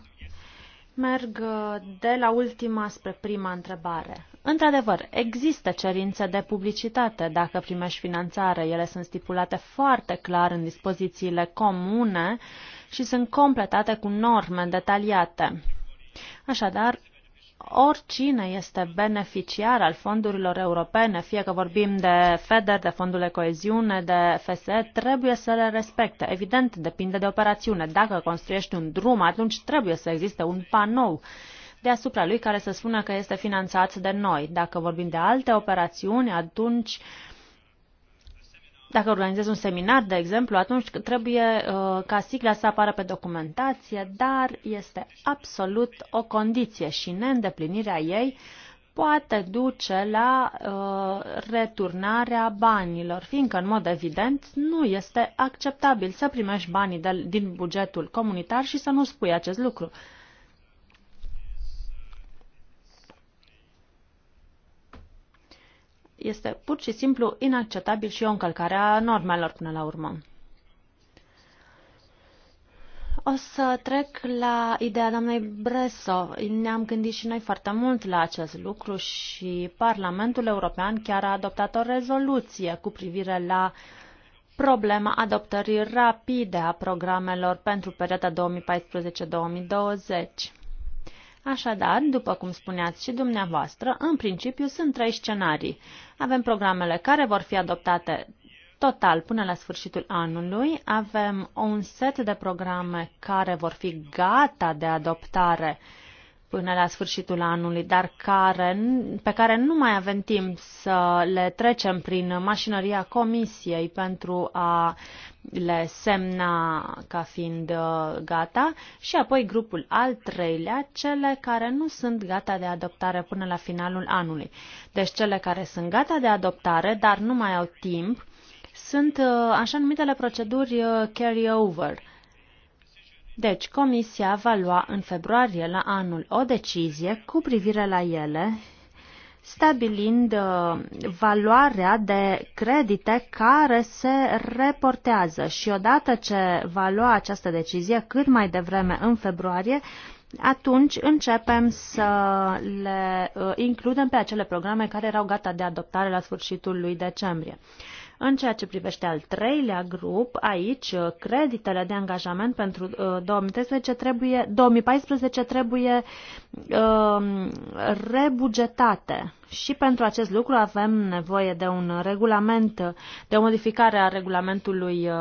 merg uh, de la ultima spre prima întrebare. Într-adevăr, există cerințe de publicitate dacă primești finanțare. Ele sunt stipulate foarte clar în dispozițiile comune și sunt completate cu norme detaliate. Așadar, oricine este beneficiar al fondurilor europene, fie că vorbim de FEDER, de fondul de coeziune, de FSE, trebuie să le respecte. Evident, depinde de operațiune. Dacă construiești un drum, atunci trebuie să existe un panou deasupra lui care să spună că este finanțat de noi. Dacă vorbim de alte operațiuni, atunci uh, dacă organizezi un seminar, de exemplu, atunci trebuie uh, ca sigla să apară pe documentație, dar este absolut o condiție și neîndeplinirea ei poate duce la uh, returnarea banilor, fiindcă, în mod evident, nu este acceptabil să primești banii de, din bugetul comunitar și să nu spui acest lucru. Uh, este pur și simplu inacceptabil și o încălcare a normelor până la urmă. O să trec la ideea doamnei Breso. Ne-am gândit și noi foarte mult la acest lucru și Parlamentul European chiar a adoptat o rezoluție cu privire la problema adoptării rapide a programelor pentru perioada 2014-2020. Așadar, după cum spuneați și dumneavoastră, în principiu sunt trei scenarii. Avem programele care vor fi adoptate total până la sfârșitul anului, avem un set de programe care vor fi gata de adoptare uh, până la sfârșitul anului, dar care, pe care nu mai avem timp să le trecem prin mașinăria comisiei pentru a le semna ca fiind uh, gata și apoi grupul al treilea, cele care nu sunt gata de adoptare până la finalul anului. Deci cele care sunt gata de adoptare, dar nu mai au timp, sunt uh, așa numitele proceduri uh, carry-over deci, Comisia va lua în februarie la anul o decizie cu privire la ele, stabilind uh, valoarea de credite care se reportează și odată ce va lua această decizie cât mai devreme în februarie, atunci începem să le uh, includem pe acele programe care erau gata de adoptare la sfârșitul lui decembrie. În ceea ce privește al treilea grup, aici uh, creditele de angajament pentru 2013 uh, trebuie, 2014 trebuie uh, rebugetate. Și pentru acest lucru avem nevoie de un regulament, de o modificare a regulamentului uh,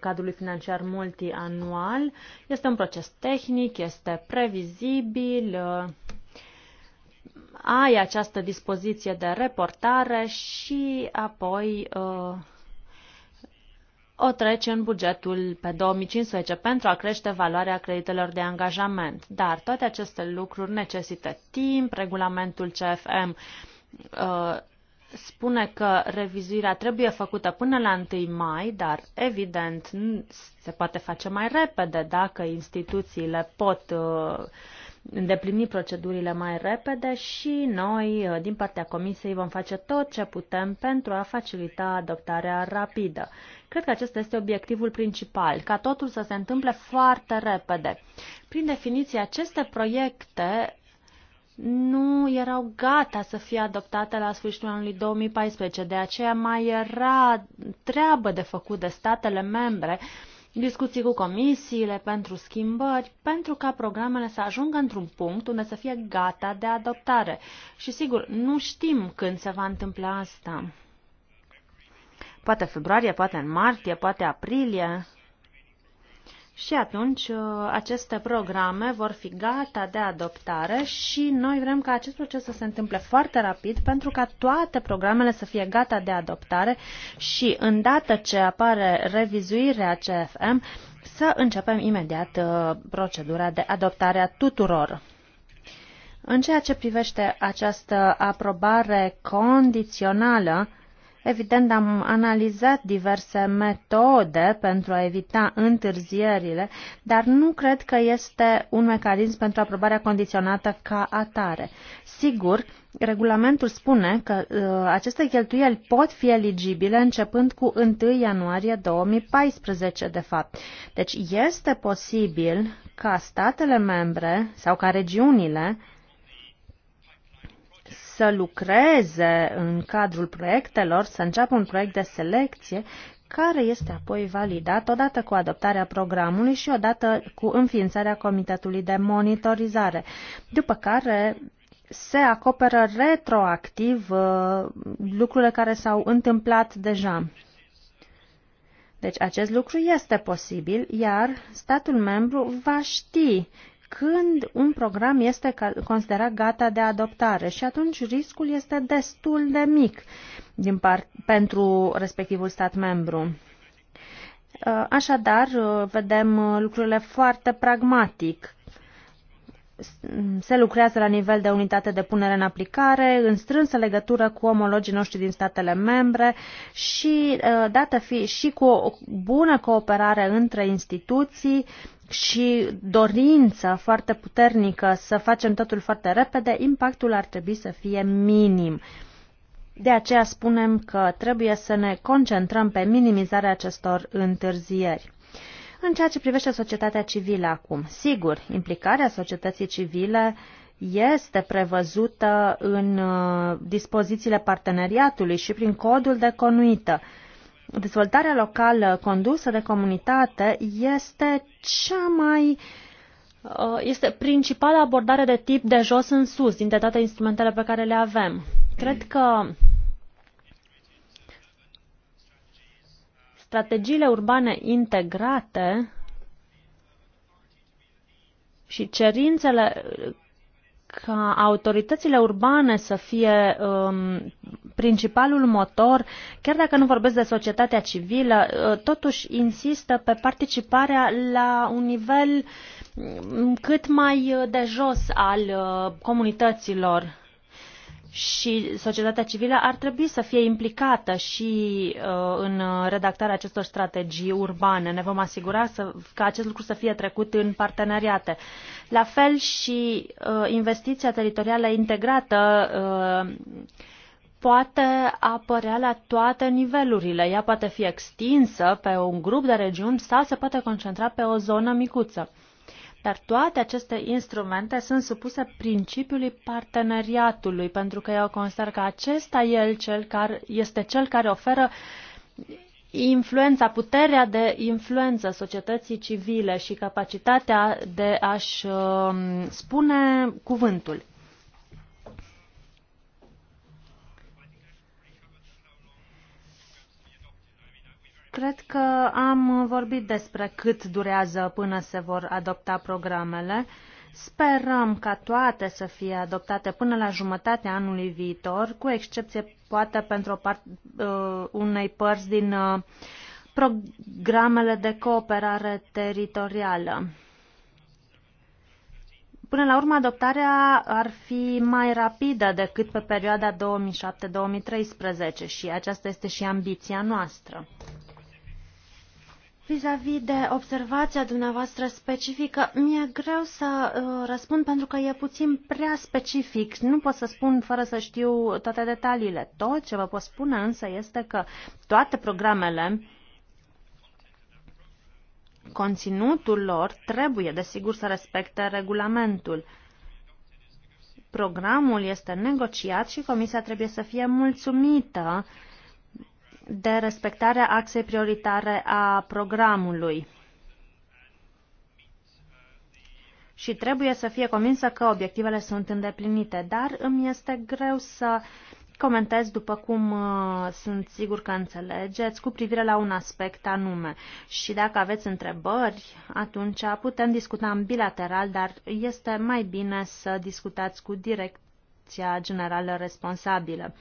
cadrului financiar multianual. Este un proces tehnic, este previzibil, ai această dispoziție de reportare și apoi uh, o treci în bugetul pe 2015 pentru a crește valoarea creditelor de angajament. Dar toate aceste lucruri necesită timp, regulamentul CFM uh, spune că revizuirea trebuie făcută până la 1 mai, dar evident se poate face mai repede dacă instituțiile pot uh, îndeplini procedurile mai repede și noi, uh, din partea Comisiei, vom face tot ce putem pentru a facilita adoptarea rapidă. Cred că acesta este obiectivul principal, ca totul să se întâmple foarte repede. Prin definiție, aceste proiecte nu erau gata să fie adoptate la sfârșitul anului 2014, de aceea mai era treabă de făcut de statele membre uh, discuții cu comisiile pentru schimbări, pentru ca programele să ajungă într-un punct unde să fie gata de adoptare. Și sigur, nu știm când se va întâmpla asta. Poate februarie, poate în martie, poate aprilie. Și atunci uh, aceste programe vor fi gata de adoptare și noi vrem ca acest proces să se întâmple foarte rapid pentru ca toate programele să fie gata de adoptare și în dată ce apare revizuirea CFM să începem imediat uh, procedura de adoptare a tuturor. În ceea ce privește această aprobare condițională, Evident, am analizat diverse metode pentru a evita întârzierile, dar nu cred că este un mecanism pentru aprobarea condiționată ca atare. Sigur, regulamentul spune că uh, aceste cheltuieli pot fi eligibile începând cu 1 ianuarie 2014, de fapt. Deci este posibil ca statele membre sau ca regiunile să lucreze în cadrul proiectelor, să înceapă un proiect de selecție care este apoi validat odată cu adoptarea programului și odată cu înființarea Comitetului de Monitorizare, după care se acoperă retroactiv uh, lucrurile care s-au întâmplat deja. Deci acest lucru este posibil, iar statul membru va ști când un program este considerat gata de adoptare și atunci riscul este destul de mic din part, pentru respectivul stat membru. Uh, așadar, uh, vedem uh, lucrurile foarte pragmatic se lucrează la nivel de unitate de punere în aplicare, în strânsă legătură cu omologii noștri din statele membre și, uh, dată fi, și cu o bună cooperare între instituții și dorință foarte puternică să facem totul foarte repede, impactul ar trebui să fie minim. De aceea spunem că trebuie să ne concentrăm pe minimizarea acestor întârzieri. În ceea ce privește societatea civilă acum, sigur, implicarea societății civile este prevăzută în uh, dispozițiile parteneriatului și prin codul de conuită. Dezvoltarea locală condusă de comunitate este cea mai uh, este principala abordare de tip de jos în sus dintre toate instrumentele pe care le avem. Cred că Strategiile urbane integrate și cerințele ca autoritățile urbane să fie um, principalul motor, chiar dacă nu vorbesc de societatea civilă, uh, totuși insistă pe participarea la un nivel um, cât mai uh, de jos al uh, comunităților și societatea civilă ar trebui să fie implicată și uh, în redactarea acestor strategii urbane. Ne vom asigura să, ca acest lucru să fie trecut în parteneriate. La fel și uh, investiția teritorială integrată uh, poate apărea la toate nivelurile. Ea poate fi extinsă pe un grup de regiuni sau se poate concentra pe o zonă micuță. Dar toate aceste instrumente sunt supuse principiului parteneriatului, pentru că eu consider că acesta el cel care, este cel care oferă influența, puterea de influență societății civile și capacitatea de a-și um, spune cuvântul. Cred că am vorbit despre cât durează până se vor adopta programele. Sperăm ca toate să fie adoptate până la jumătatea anului viitor, cu excepție poate pentru o part, uh, unei părți din uh, programele de cooperare teritorială. Până la urmă, adoptarea ar fi mai rapidă decât pe perioada 2007-2013 și aceasta este și ambiția noastră. Vis-a-vis -vis de observația dumneavoastră specifică, mi-e greu să uh, răspund pentru că e puțin prea specific. Nu pot să spun fără să știu toate detaliile. Tot ce vă pot spune însă este că toate programele, conținutul lor trebuie, desigur, să respecte regulamentul. Programul este negociat și Comisia trebuie să fie mulțumită uh, de respectarea axei prioritare a programului. și trebuie să fie convinsă că obiectivele sunt îndeplinite, dar îmi este greu să comentez după cum uh, sunt sigur că înțelegeți cu privire la un aspect anume. Și dacă aveți întrebări, atunci putem discuta în bilateral, dar este mai bine să discutați cu direcția generală responsabilă.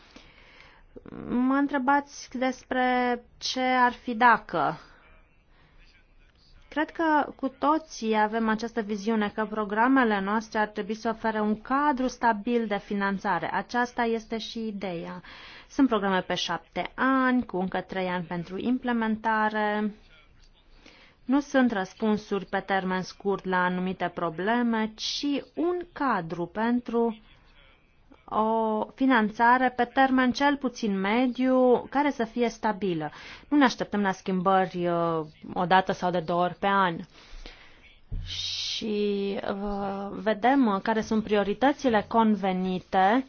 Mă întrebați despre ce ar fi dacă. Cred că cu toții avem această viziune că programele noastre ar trebui să ofere un cadru stabil de finanțare. Aceasta este și ideea. Sunt programe pe șapte ani, cu încă trei ani pentru implementare. Nu sunt răspunsuri pe termen scurt la anumite probleme, ci un cadru pentru o finanțare pe termen cel puțin mediu care să fie stabilă. Nu ne așteptăm la schimbări uh, o dată sau de două ori pe an. Și uh, vedem care sunt prioritățile convenite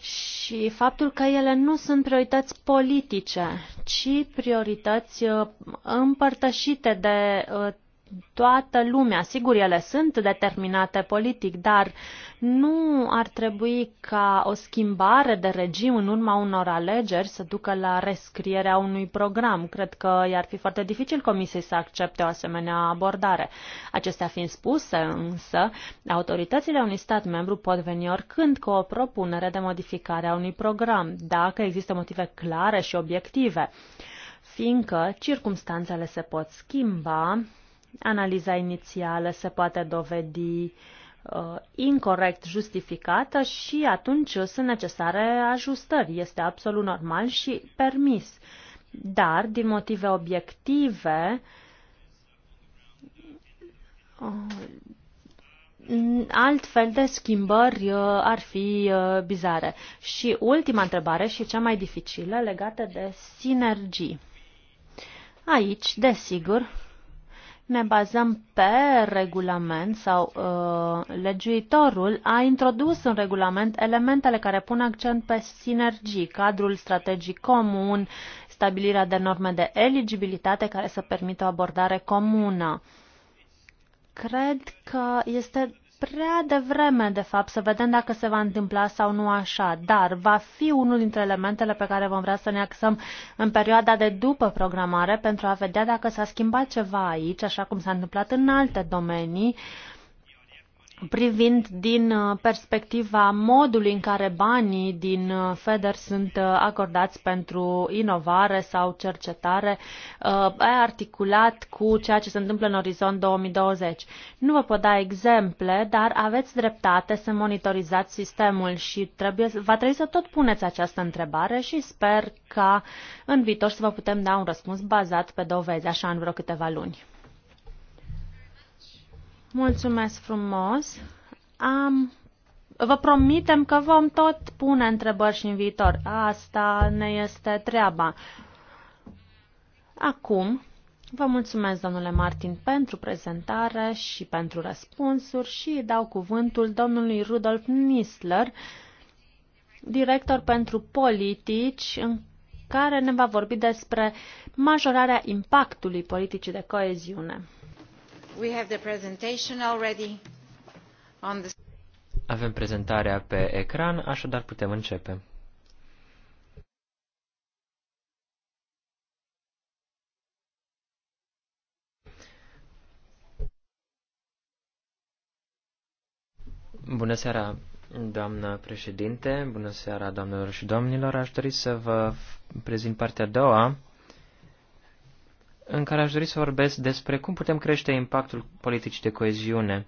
și faptul că ele nu sunt priorități politice, ci priorități uh, împărtășite de toată lumea. Sigur, ele sunt determinate politic, dar nu ar trebui ca o schimbare de regim în urma unor alegeri să ducă la rescrierea unui program. Cred că i-ar fi foarte dificil Comisiei să accepte o asemenea abordare. Acestea fiind spuse, însă, autoritățile unui stat membru pot veni oricând cu o propunere de modificare a unui program, dacă există motive clare și obiective fiindcă circumstanțele se pot schimba analiza inițială se poate dovedi uh, incorrect justificată și atunci sunt necesare ajustări. Este absolut normal și permis. Dar, din motive obiective, uh, altfel de schimbări uh, ar fi uh, bizare. Și ultima întrebare și cea mai dificilă legată de sinergii. Aici, desigur, ne bazăm pe regulament sau uh, legiuitorul a introdus în regulament elementele care pun accent pe sinergii, cadrul strategic comun, stabilirea de norme de eligibilitate care să permită o abordare comună. Cred că este prea devreme, de fapt, să vedem dacă se va întâmpla sau nu așa, dar va fi unul dintre elementele pe care vom vrea să ne axăm în perioada de după programare pentru a vedea dacă s-a schimbat ceva aici, așa cum s-a întâmplat în alte domenii, uh, privind din uh, perspectiva modului în care banii din uh, FEDER sunt uh, acordați pentru inovare sau cercetare, e articulat cu ceea ce se întâmplă în orizont 2020. Nu vă pot da exemple, dar aveți dreptate să monitorizați sistemul și trebuie, va trebui să tot puneți această întrebare și sper ca în viitor să vă putem da un răspuns bazat pe dovezi, așa în vreo câteva luni. Mulțumesc frumos. Am vă promitem că vom tot pune întrebări și în viitor. Asta ne este treaba. Acum, vă mulțumesc, domnule Martin, pentru prezentare și pentru răspunsuri și dau cuvântul domnului Rudolf Nisler, director pentru politici, în care ne va vorbi despre majorarea impactului politicii de coeziune. Avem prezentarea pe ecran, așadar putem începe. Bună seara, doamnă președinte, bună seara, doamnelor și domnilor. Aș dori să vă prezint partea a doua în care aș dori să vorbesc despre cum putem crește impactul politicii de coeziune.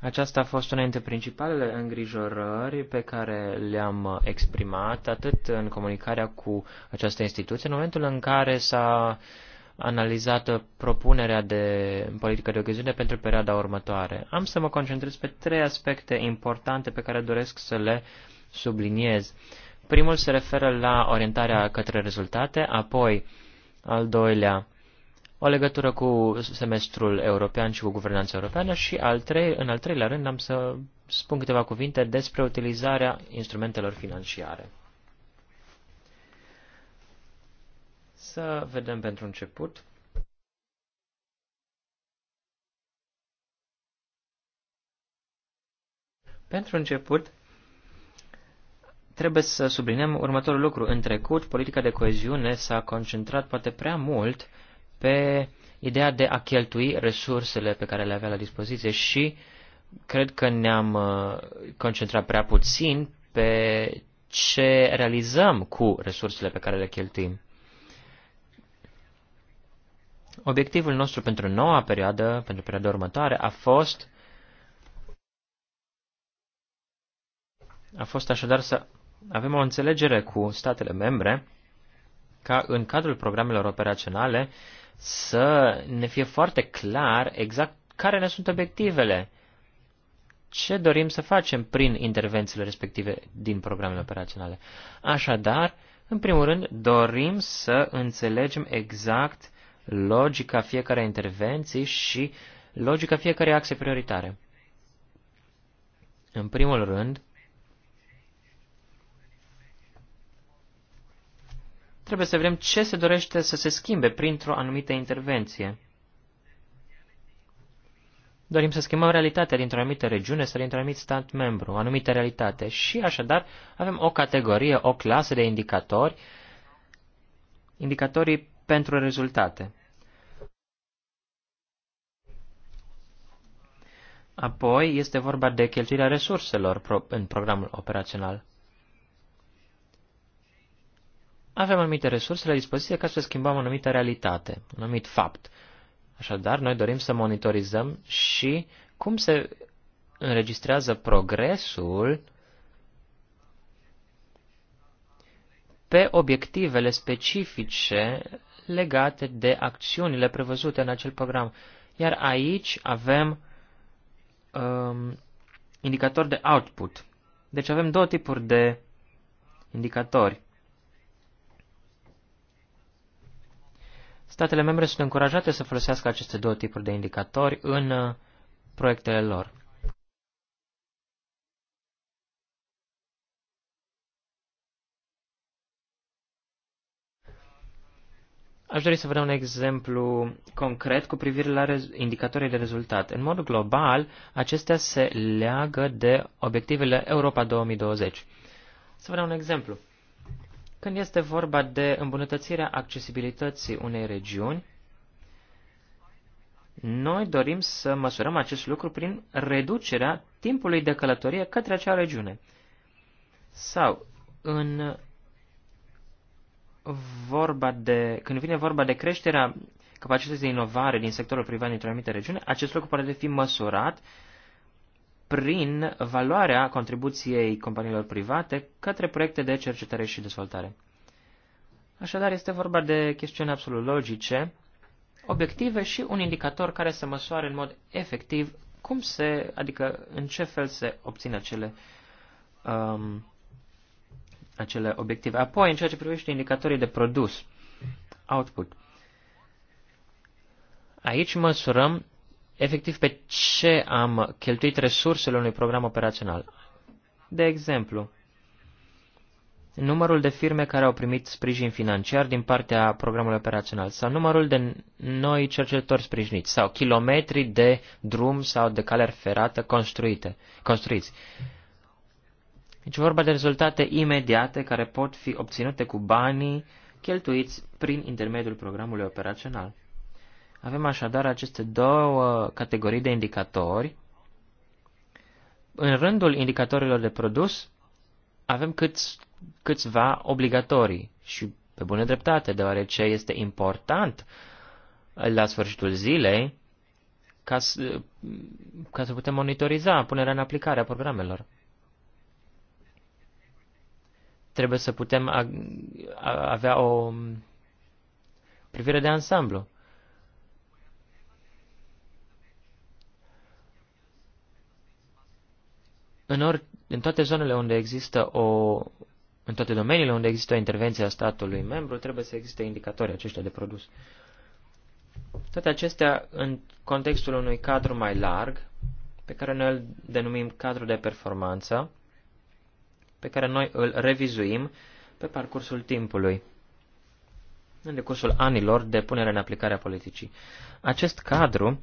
Aceasta a fost una dintre principalele îngrijorări pe care le-am exprimat atât în comunicarea cu această instituție, în momentul în care s-a analizat propunerea de politică de ocheziune pentru perioada următoare. Am să mă concentrez pe trei aspecte importante pe care doresc să le subliniez. Primul se referă la orientarea către rezultate, apoi al doilea o legătură cu semestrul european și cu guvernanța europeană și al trei, în al treilea rând am să spun câteva cuvinte despre utilizarea instrumentelor financiare. Să vedem pentru început. Pentru început, trebuie să subliniem următorul lucru. În trecut, politica de coeziune s-a concentrat poate prea mult pe ideea de a cheltui resursele pe care le avea la dispoziție și cred că ne-am uh, concentrat prea puțin pe ce realizăm cu resursele pe care le cheltuim. Obiectivul nostru pentru noua perioadă, pentru perioada următoare, a fost a fost așadar să avem o înțelegere cu statele membre ca în cadrul programelor operaționale să ne fie foarte clar exact care ne sunt obiectivele, ce dorim să facem prin intervențiile respective din programele operaționale. Așadar, în primul rând, dorim să înțelegem exact logica fiecare intervenții și logica fiecare axe prioritare. În primul rând, Trebuie să vedem ce se dorește să se schimbe printr-o anumită intervenție. Dorim să schimbăm realitatea dintr-o anumită regiune sau dintr-un anumit stat membru, o anumită realitate. Și așadar avem o categorie, o clasă de indicatori, indicatorii pentru rezultate. Apoi este vorba de cheltuirea resurselor în programul operațional avem anumite resurse la dispoziție ca să schimbăm o anumită realitate, un anumit fapt. Așadar, noi dorim să monitorizăm și cum se înregistrează progresul pe obiectivele specifice legate de acțiunile prevăzute în acel program. Iar aici avem um, indicatori de output. Deci avem două tipuri de indicatori. Statele membre sunt încurajate să folosească aceste două tipuri de indicatori în uh, proiectele lor. Aș dori să vă dau un exemplu concret cu privire la indicatorii de rezultat. În mod global, acestea se leagă de obiectivele Europa 2020. Să vă dau un exemplu. Când este vorba de îmbunătățirea accesibilității unei regiuni, noi dorim să măsurăm acest lucru prin reducerea timpului de călătorie către acea regiune. Sau, în vorba de, când vine vorba de creșterea capacității de inovare din sectorul privat dintr-o anumită regiune, acest lucru poate fi măsurat prin valoarea contribuției companiilor private către proiecte de cercetare și dezvoltare. Așadar, este vorba de chestiuni absolut logice, obiective și un indicator care să măsoare în mod efectiv cum se, adică în ce fel se obțin acele, um, acele obiective. Apoi, în ceea ce privește indicatorii de produs, output. Aici măsurăm efectiv pe ce am cheltuit resursele unui program operațional. De exemplu, numărul de firme care au primit sprijin financiar din partea programului operațional sau numărul de noi cercetători sprijiniți sau kilometri de drum sau de cale ferată construite, construiți. Deci vorba de rezultate imediate care pot fi obținute cu banii cheltuiți prin intermediul programului operațional. Avem așadar aceste două categorii de indicatori. În rândul indicatorilor de produs avem câți, câțiva obligatorii și pe bună dreptate, deoarece este important la sfârșitul zilei ca să, ca să putem monitoriza punerea în aplicare a programelor. Trebuie să putem avea o privire de ansamblu. în, ori, în toate zonele unde există o, în toate domeniile unde există o intervenție a statului membru, trebuie să existe indicatori aceștia de produs. Toate acestea în contextul unui cadru mai larg, pe care noi îl denumim cadru de performanță, pe care noi îl revizuim pe parcursul timpului, în decursul anilor de punere în aplicare a politicii. Acest cadru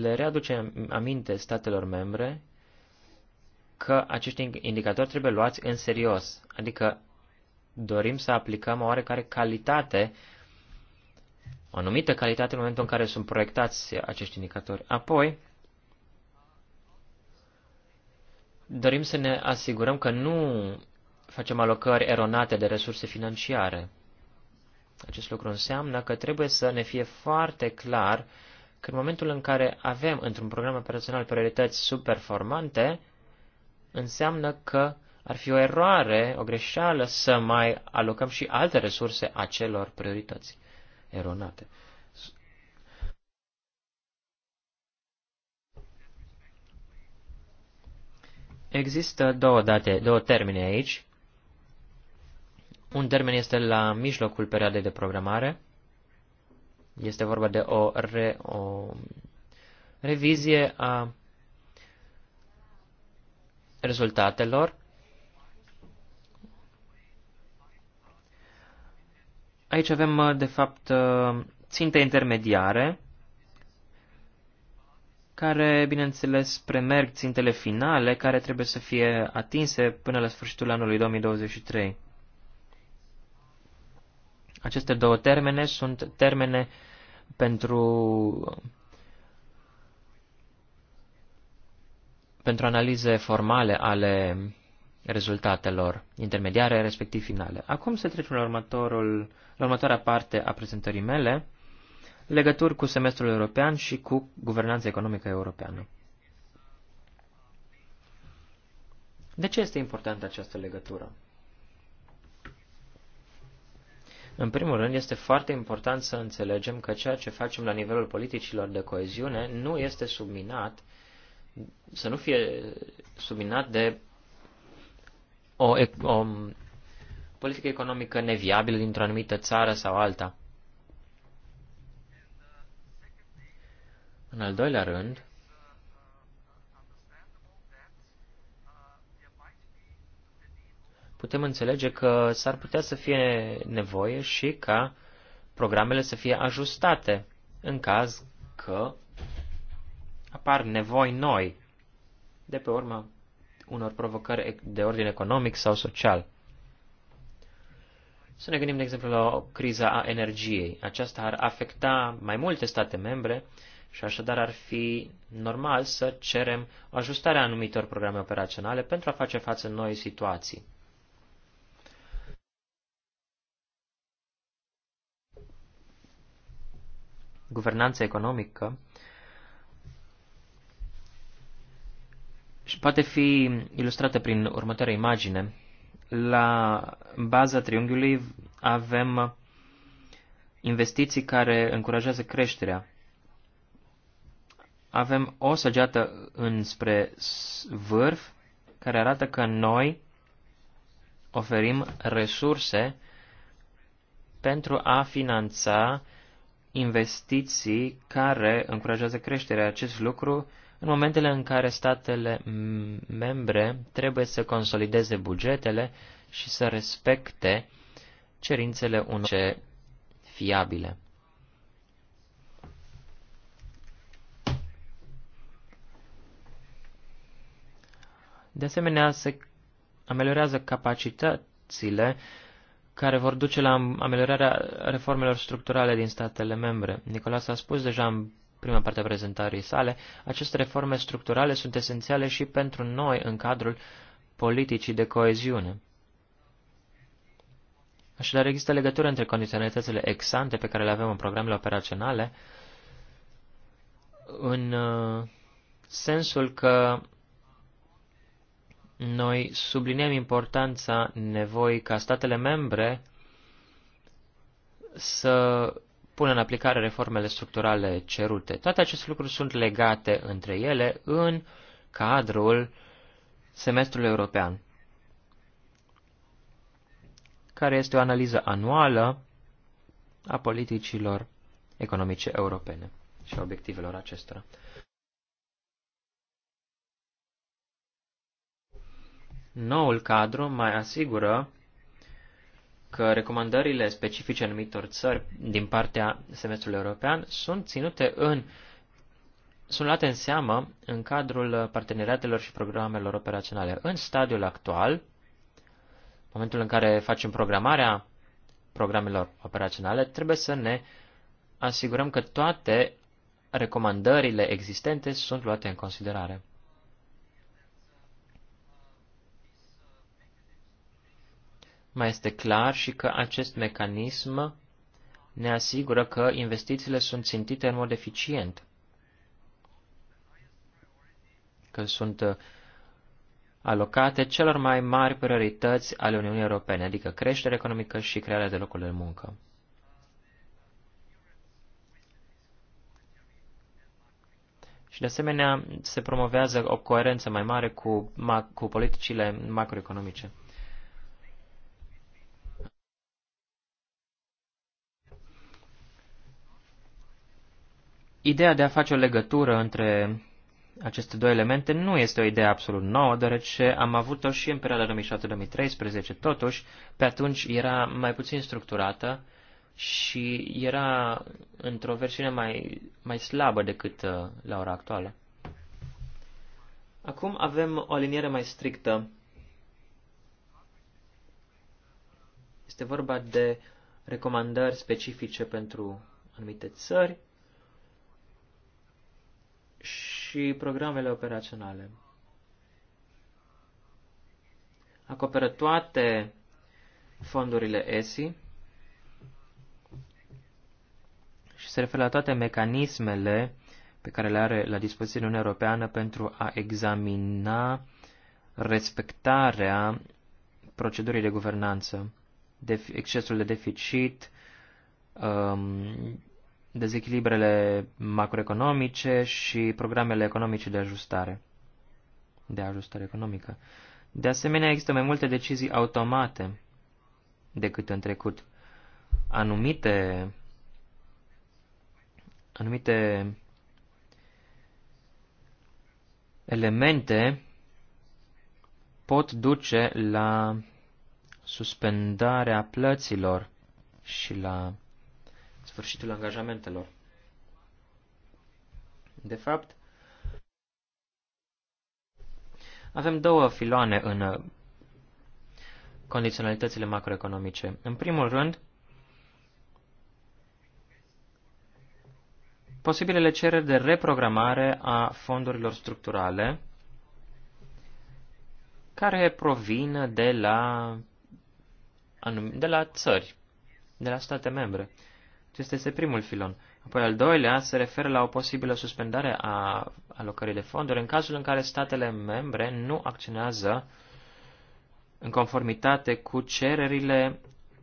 le readuce aminte statelor membre că acești indicatori trebuie luați în serios, adică dorim să aplicăm o oarecare calitate, o anumită calitate în momentul în care sunt proiectați acești indicatori. Apoi, dorim să ne asigurăm că nu facem alocări eronate de resurse financiare. Acest lucru înseamnă că trebuie să ne fie foarte clar uh, că în momentul în care avem într-un program operațional priorități subperformante, înseamnă că ar fi o eroare, o greșeală să mai alocăm și alte resurse acelor priorități eronate. Există două date, două termene aici. Un termen este la mijlocul perioadei de programare, este vorba de o, re, o revizie a rezultatelor. Aici avem, uh, de fapt, uh, ținte intermediare, care, bineînțeles, premerg țintele finale, care trebuie să fie atinse până la sfârșitul anului 2023. Aceste două termene sunt termene pentru, pentru analize formale ale rezultatelor intermediare, respectiv finale. Acum să trecem la, următorul, la următoarea parte a prezentării mele, legături cu semestrul european și cu guvernanța economică europeană. De ce este importantă această legătură? În primul rând, este foarte important să înțelegem că ceea ce facem la nivelul politicilor de coeziune nu este subminat, să nu fie subminat de o, o politică economică neviabilă dintr-o anumită țară sau alta. În al doilea rând, putem înțelege că s-ar putea să fie nevoie și ca programele să fie ajustate în caz că apar nevoi noi de pe urma unor provocări de ordin economic sau social. Să ne gândim, de exemplu, la o criza a energiei. Aceasta ar afecta mai multe state membre și așadar ar fi normal să cerem ajustarea anumitor programe operaționale pentru a face față noi situații. guvernanță economică și poate fi ilustrată prin următoarea imagine. La baza triunghiului avem investiții care încurajează creșterea. Avem o săgeată înspre vârf care arată că noi oferim resurse pentru a finanța investiții care încurajează creșterea. Acest lucru în momentele în care statele membre trebuie să consolideze bugetele și să respecte cerințele unice fiabile. De asemenea, se ameliorează capacitățile care vor duce la ameliorarea reformelor structurale din statele membre. Nicolas a spus deja în prima parte a prezentării sale, aceste reforme structurale sunt esențiale și pentru noi în cadrul politicii de coeziune. Așadar, există legătură între condiționalitățile exante pe care le avem în programele operaționale, în uh, sensul că noi subliniem importanța nevoii ca statele membre să pună în aplicare reformele structurale cerute. Toate aceste lucruri sunt legate între ele în cadrul semestrului european, care este o analiză anuală a politicilor economice europene și a obiectivelor acestora. Noul cadru mai asigură că recomandările specifice anumitor țări din partea semestrului european sunt ținute în sunt luate în seamă în cadrul parteneriatelor și programelor operaționale. În stadiul actual, momentul în care facem programarea programelor operaționale, trebuie să ne asigurăm că toate recomandările existente sunt luate în considerare. mai este clar și că acest mecanism ne asigură că investițiile sunt țintite în mod eficient, că sunt uh, alocate celor mai mari priorități ale Uniunii Europene, adică creștere economică și crearea de locuri de muncă. Și de asemenea se promovează o coerență mai mare cu, cu politicile macroeconomice. Ideea de a face o legătură între aceste două elemente nu este o idee absolut nouă, deoarece am avut-o și în perioada 2007-2013, totuși, pe atunci era mai puțin structurată și era într-o versiune mai, mai slabă decât uh, la ora actuală. Acum avem o aliniere mai strictă. Este vorba de recomandări specifice pentru anumite țări și programele operaționale. Acoperă toate fondurile ESI și se referă la toate mecanismele pe care le are la dispoziție Uniunea Europeană pentru a examina respectarea procedurii de guvernanță, excesul de deficit, um, dezechilibrele macroeconomice și programele economice de ajustare, de ajustare economică. De asemenea, există mai multe decizii automate decât în trecut. Anumite, anumite elemente pot duce la suspendarea plăților și la sfârșitul angajamentelor. De fapt, avem două filoane în uh, condiționalitățile macroeconomice. În primul rând, posibilele cereri de reprogramare a fondurilor structurale care provin de la, de la țări, de la state membre. Acesta este primul filon. Apoi al doilea se referă la o posibilă suspendare a alocării de fonduri în cazul în care statele membre nu acționează în conformitate cu cererile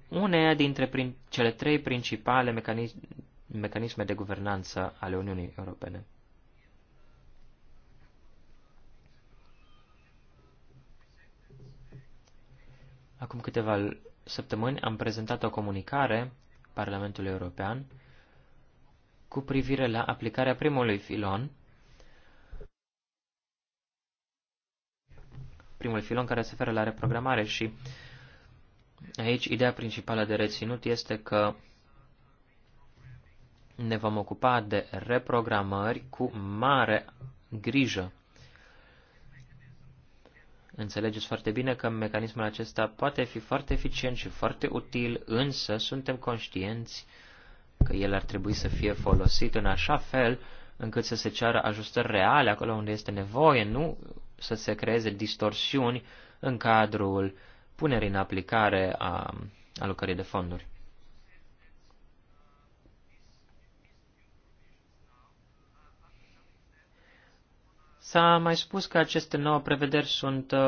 uneia dintre prin, cele trei principale mecanisme, mecanisme de guvernanță ale Uniunii Europene. Acum câteva săptămâni am prezentat o comunicare Parlamentului European cu privire la aplicarea primului filon, primul filon care se referă la reprogramare și aici ideea principală de reținut este că ne vom ocupa de reprogramări cu mare grijă. Înțelegeți foarte bine că mecanismul acesta poate fi foarte eficient și foarte util, însă suntem conștienți că el ar trebui să fie folosit în așa fel încât să se ceară ajustări reale acolo unde este nevoie, nu să se creeze distorsiuni în cadrul punerii în aplicare a alocării de fonduri. S-a mai spus că aceste nouă prevederi sunt uh,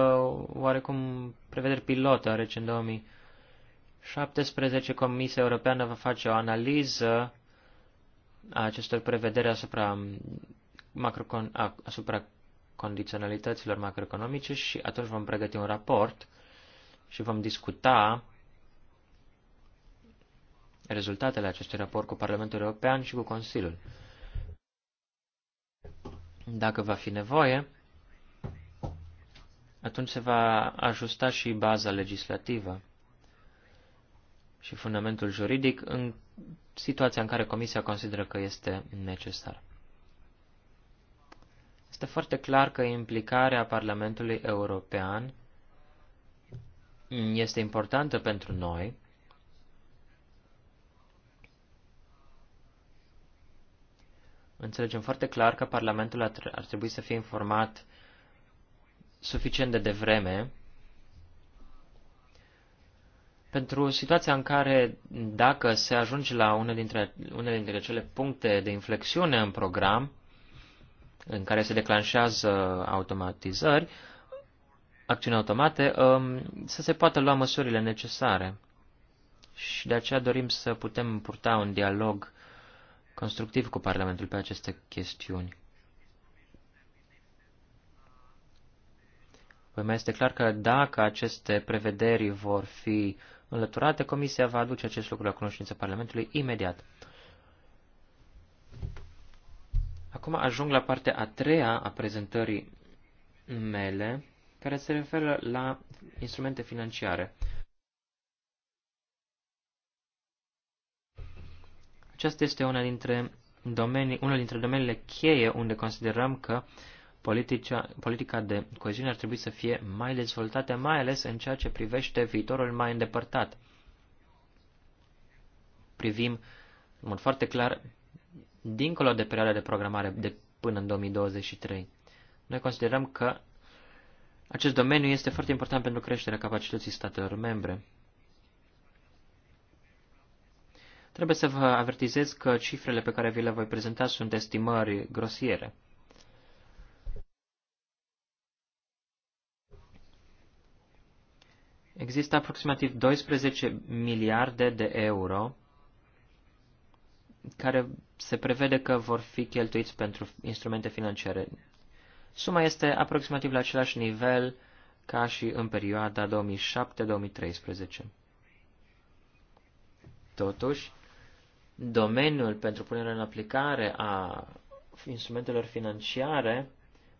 oarecum prevederi pilot, deoarece în 2017 Comisia Europeană va face o analiză a acestor prevederi asupra, um, macrocon- a, asupra condiționalităților macroeconomice și atunci vom pregăti un raport și vom discuta rezultatele acestui raport cu Parlamentul European și cu Consiliul. Dacă va fi nevoie, atunci se va ajusta și baza legislativă și fundamentul juridic în situația în care Comisia consideră că este necesar. Este foarte clar că implicarea Parlamentului European este importantă pentru noi Înțelegem foarte clar că Parlamentul ar trebui să fie informat suficient de devreme pentru situația în care, dacă se ajunge la unele dintre, une dintre cele puncte de inflexiune în program, în care se declanșează automatizări, acțiuni automate, um, să se poată lua măsurile necesare. Și de aceea dorim să putem purta un dialog constructiv cu Parlamentul pe aceste chestiuni. Voi păi mai este clar că dacă aceste prevederi vor fi înlăturate, Comisia va aduce acest lucru la cunoștința Parlamentului imediat. Acum ajung la partea a treia a prezentării mele, care se referă la instrumente financiare. Aceasta este una dintre domenii, unul dintre domeniile cheie unde considerăm că politica, politica de coeziune ar trebui să fie mai dezvoltată, mai ales în ceea ce privește viitorul mai îndepărtat. Privim, în mod foarte clar, dincolo de perioada de programare de până în 2023. Noi considerăm că acest domeniu este foarte important pentru creșterea capacității statelor membre. Trebuie să vă avertizez că cifrele pe care vi le voi prezenta sunt estimări grosiere. Există aproximativ 12 miliarde de euro care se prevede că vor fi cheltuiți pentru instrumente financiare. Suma este aproximativ la același nivel ca și în perioada 2007-2013. Totuși, domeniul pentru punerea în aplicare a instrumentelor financiare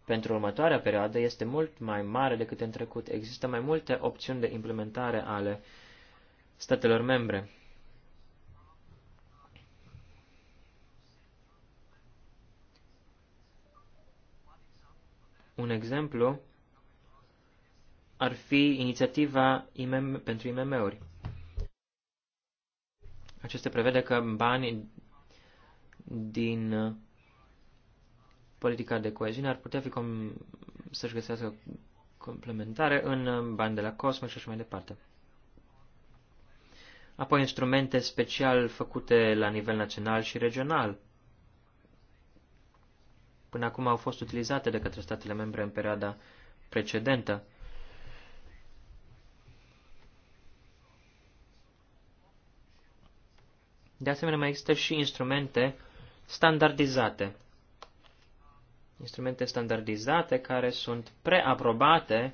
pentru următoarea perioadă este mult mai mare decât în trecut. Există mai multe opțiuni de implementare ale statelor membre. Un exemplu ar fi inițiativa IMM, pentru IMM-uri. Aceste prevede că banii din uh, politica de coeziune ar putea fi com- să-și găsească complementare în uh, bani de la Cosmos și așa mai departe. Apoi instrumente special făcute la nivel național și regional. Până acum au fost utilizate de către statele membre în perioada precedentă. De asemenea, mai există și instrumente standardizate. Instrumente standardizate care sunt preaprobate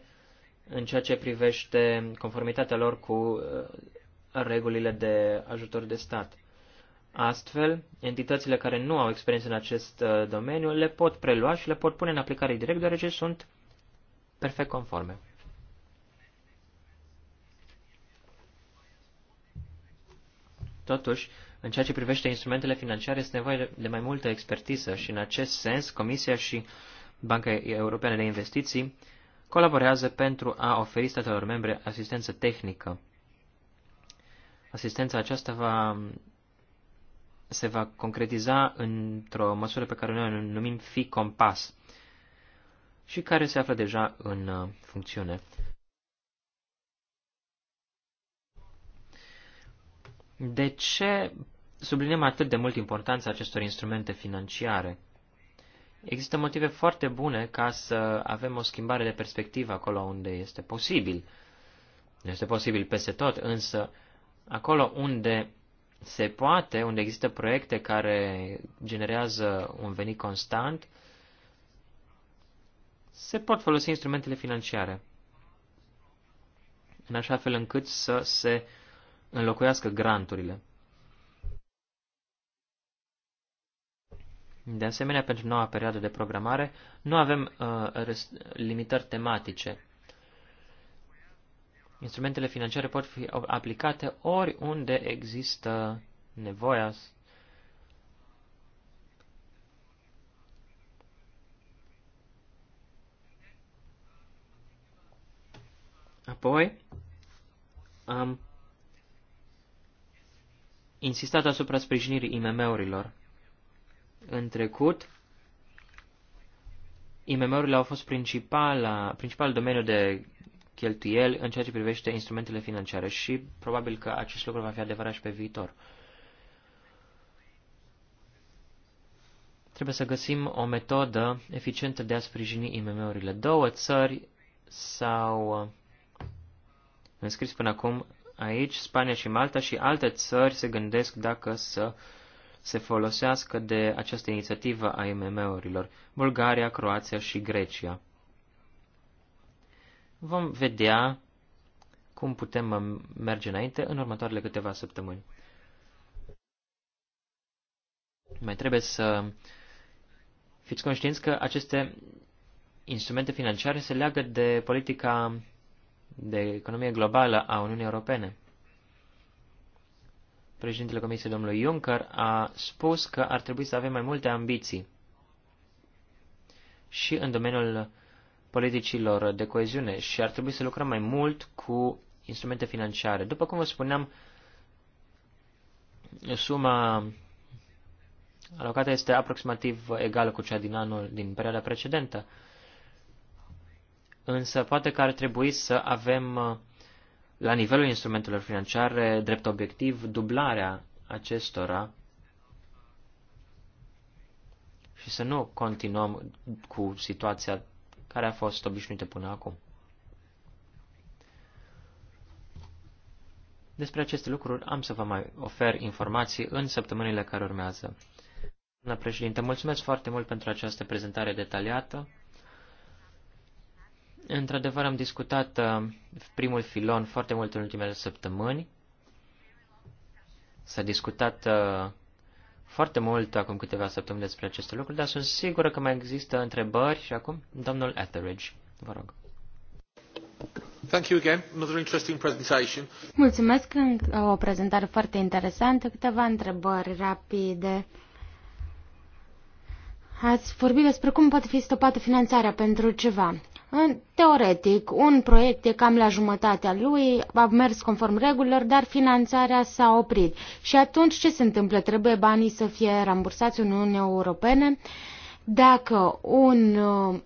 în ceea ce privește conformitatea lor cu uh, regulile de ajutor de stat. Astfel, entitățile care nu au experiență în acest uh, domeniu le pot prelua și le pot pune în aplicare direct, deoarece sunt perfect conforme. Totuși, în ceea ce privește instrumentele financiare, este nevoie de mai multă expertiză și, în acest sens, Comisia și Banca Europeană de Investiții colaborează pentru a oferi statelor membre asistență tehnică. Asistența aceasta va, se va concretiza într-o măsură pe care noi o numim fi compas și care se află deja în uh, funcțiune. De ce subliniem atât de mult importanța acestor instrumente financiare? Există motive foarte bune ca să avem o schimbare de perspectivă acolo unde este posibil. Nu este posibil peste tot, însă acolo unde se poate, unde există proiecte care generează un venit constant, se pot folosi instrumentele financiare. În așa fel încât să se înlocuiască granturile. De asemenea, pentru noua perioadă de programare, nu avem uh, limitări tematice. Instrumentele financiare pot fi aplicate oriunde există nevoia Apoi am insistat asupra sprijinirii IMM-urilor. În trecut, IMM-urile au fost principal, principal domeniu de cheltuiel în ceea ce privește instrumentele financiare și probabil că acest lucru va fi adevărat și pe viitor. Trebuie să găsim o metodă eficientă de a sprijini IMM-urile. Două țări s-au înscris până acum Aici Spania și Malta și alte țări se gândesc dacă să se folosească de această inițiativă a IMM-urilor, Bulgaria, Croația și Grecia. Vom vedea cum putem merge înainte în următoarele câteva săptămâni. Mai trebuie să fiți conștienți că aceste instrumente financiare se leagă de politica de economie globală a Uniunii Europene. Președintele Comisiei, domnul Juncker, a spus că ar trebui să avem mai multe ambiții și în domeniul politicilor de coeziune și ar trebui să lucrăm mai mult cu instrumente financiare. După cum vă spuneam, suma alocată este aproximativ egală cu cea din anul din perioada precedentă însă poate că ar trebui să avem uh, la nivelul instrumentelor financiare drept obiectiv dublarea acestora și să nu continuăm cu situația care a fost obișnuită până acum. Despre aceste lucruri am să vă mai ofer informații în săptămânile care urmează. Doamna președinte, mulțumesc foarte mult pentru această prezentare detaliată. Într-adevăr, am discutat uh, primul filon foarte mult în ultimele săptămâni. S-a discutat uh, foarte mult acum câteva săptămâni despre aceste lucruri, dar sunt sigură că mai există întrebări și acum, domnul Etheridge, vă rog. Thank you again. Another interesting presentation. Mulțumesc, uh, o prezentare foarte interesantă. Câteva întrebări rapide. Ați vorbit despre cum poate fi stopată finanțarea pentru ceva. În teoretic, un proiect e cam la jumătatea lui, a mers conform regulilor, dar finanțarea s-a oprit. Și atunci ce se întâmplă? Trebuie banii să fie rambursați în Uniunea Europene? Dacă un,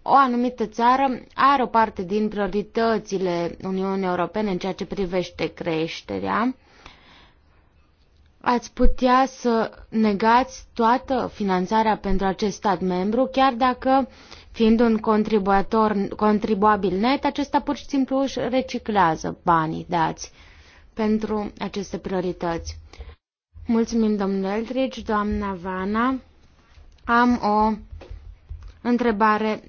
o anumită țară are o parte din prioritățile Uniunii Europene în ceea ce privește creșterea, ați putea să negați toată finanțarea pentru acest stat membru, chiar dacă uh, Fiind un contribuator, contribuabil net, acesta pur și simplu își reciclează banii dați pentru aceste priorități. Mulțumim, domnul Eldridge, doamna Vana. Am o întrebare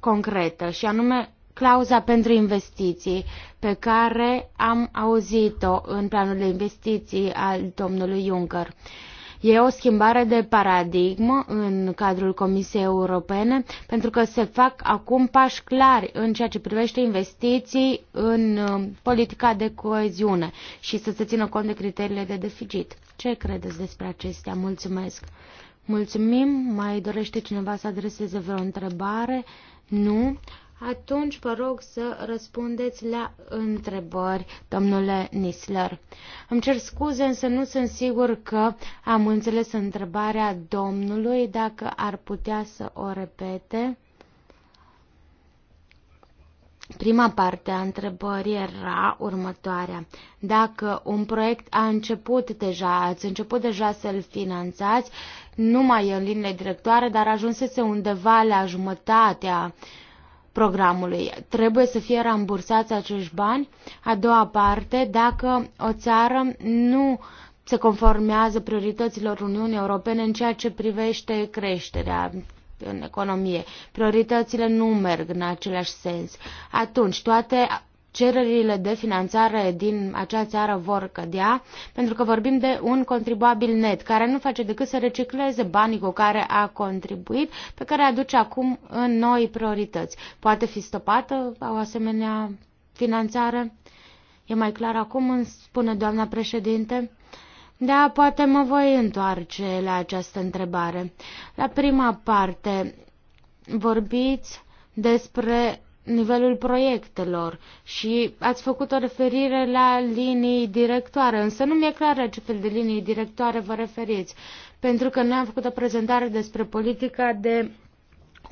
concretă și anume clauza pentru investiții pe care am auzit-o în planul de investiții al domnului Juncker. Uh, E o schimbare de paradigmă în cadrul Comisiei Europene, pentru că se fac acum pași clari în ceea ce privește investiții în um, politica de coeziune și să se țină cont de criteriile de deficit. Ce credeți despre acestea? Mulțumesc! Mulțumim! Mai dorește cineva să adreseze vreo întrebare? Nu? Atunci vă rog să răspundeți la întrebări, domnule Nisler. Îmi cer scuze, însă nu sunt sigur că am înțeles întrebarea domnului, dacă ar putea să o repete. Prima parte a întrebării era următoarea. Dacă un proiect a început deja, ați început deja să-l finanțați, nu mai e în linie directoare, dar ajunsese undeva la jumătatea uh, programului. Trebuie să fie rambursați acești bani. A doua parte, dacă o țară nu se conformează priorităților Uniunii Europene în ceea ce privește creșterea în economie. Prioritățile nu merg în același sens. Atunci, toate cererile de finanțare din acea țară vor cădea, pentru că vorbim de un contribuabil net, care nu face decât să recicleze banii cu care a contribuit, pe care aduce acum în noi priorități. Poate fi stopată o asemenea finanțare? E mai clar acum, îmi spune doamna președinte? Da, poate mă voi întoarce la această întrebare. La prima parte, vorbiți despre nivelul proiectelor și ați făcut o referire la linii directoare, însă nu mi-e clar la ce fel de linii directoare vă referiți, pentru că noi am făcut o prezentare despre politica de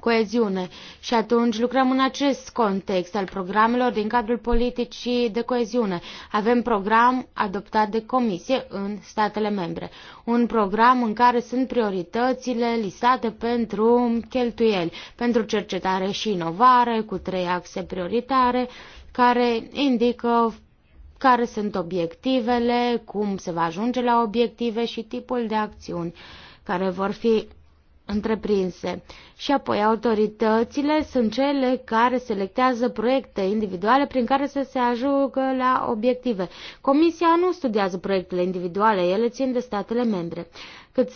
coeziune și atunci lucrăm în acest context al programelor din cadrul politicii de coeziune. Avem program adoptat de comisie în statele membre, un program în care sunt prioritățile listate pentru cheltuieli, pentru cercetare și inovare, cu trei axe prioritare, care indică care sunt obiectivele, cum se va ajunge la obiective și tipul de acțiuni care vor fi întreprinse. Și apoi autoritățile sunt cele care selectează proiecte individuale prin care să se ajungă la obiective. Comisia nu studiază proiectele individuale, ele țin de statele membre. Cât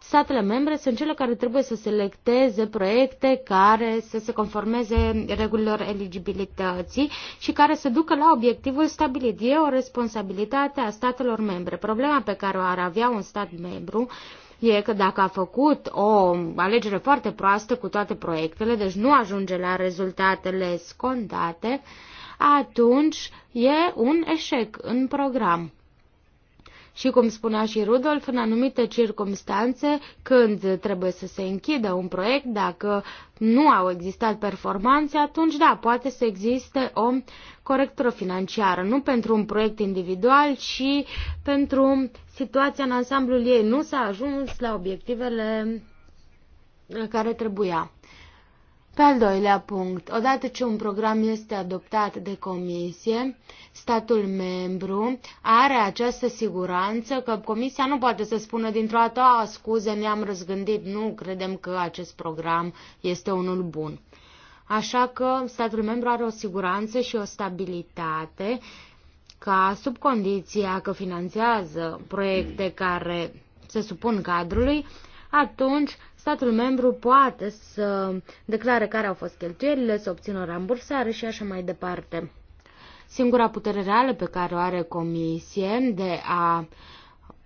statele membre sunt cele care trebuie să selecteze proiecte care să se conformeze regulilor eligibilității și care să ducă la obiectivul stabilit. E o responsabilitate a statelor membre. Problema pe care o ar avea un stat membru uh, e că dacă a făcut o alegere foarte proastă cu toate proiectele, deci nu ajunge la rezultatele scontate, atunci e un eșec în program. Și cum spunea și Rudolf, în anumite circumstanțe, când trebuie să se închidă un proiect, dacă nu au existat performanțe, atunci da, poate să existe o corectură financiară, nu pentru un proiect individual, ci pentru situația în ansamblul ei. Nu s-a ajuns la obiectivele care trebuia. Pe al doilea punct, odată ce un program este adoptat de comisie, statul membru are această siguranță că comisia nu poate să spună dintr-o dată, a, scuze, ne-am răzgândit, nu credem că acest program este unul bun. Așa că statul membru are o siguranță și o stabilitate ca sub condiția că finanțează proiecte care se supun cadrului, atunci statul membru poate să declare care au fost cheltuielile, să obțină rambursare și așa mai departe. Singura putere reală pe care o are comisie de a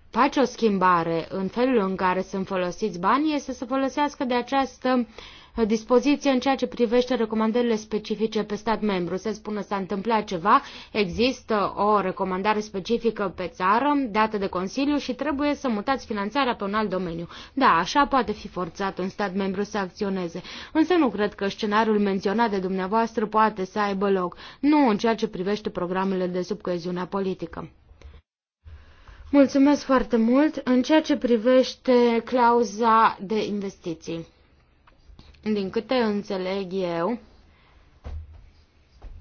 face o schimbare în felul în care sunt folosiți banii este să folosească de această uh, Uh, dispoziție în ceea ce privește recomandările specifice pe stat membru. Se spune s-a întâmplat ceva, există o recomandare specifică pe țară dată de Consiliu și trebuie să mutați finanțarea pe un alt domeniu. Da, așa poate fi forțat un stat membru să acționeze. Însă nu cred că scenariul menționat de dumneavoastră poate să aibă loc, nu în ceea ce privește programele de subcoeziunea politică. Mulțumesc foarte mult în ceea ce privește clauza de investiții. Din câte înțeleg eu,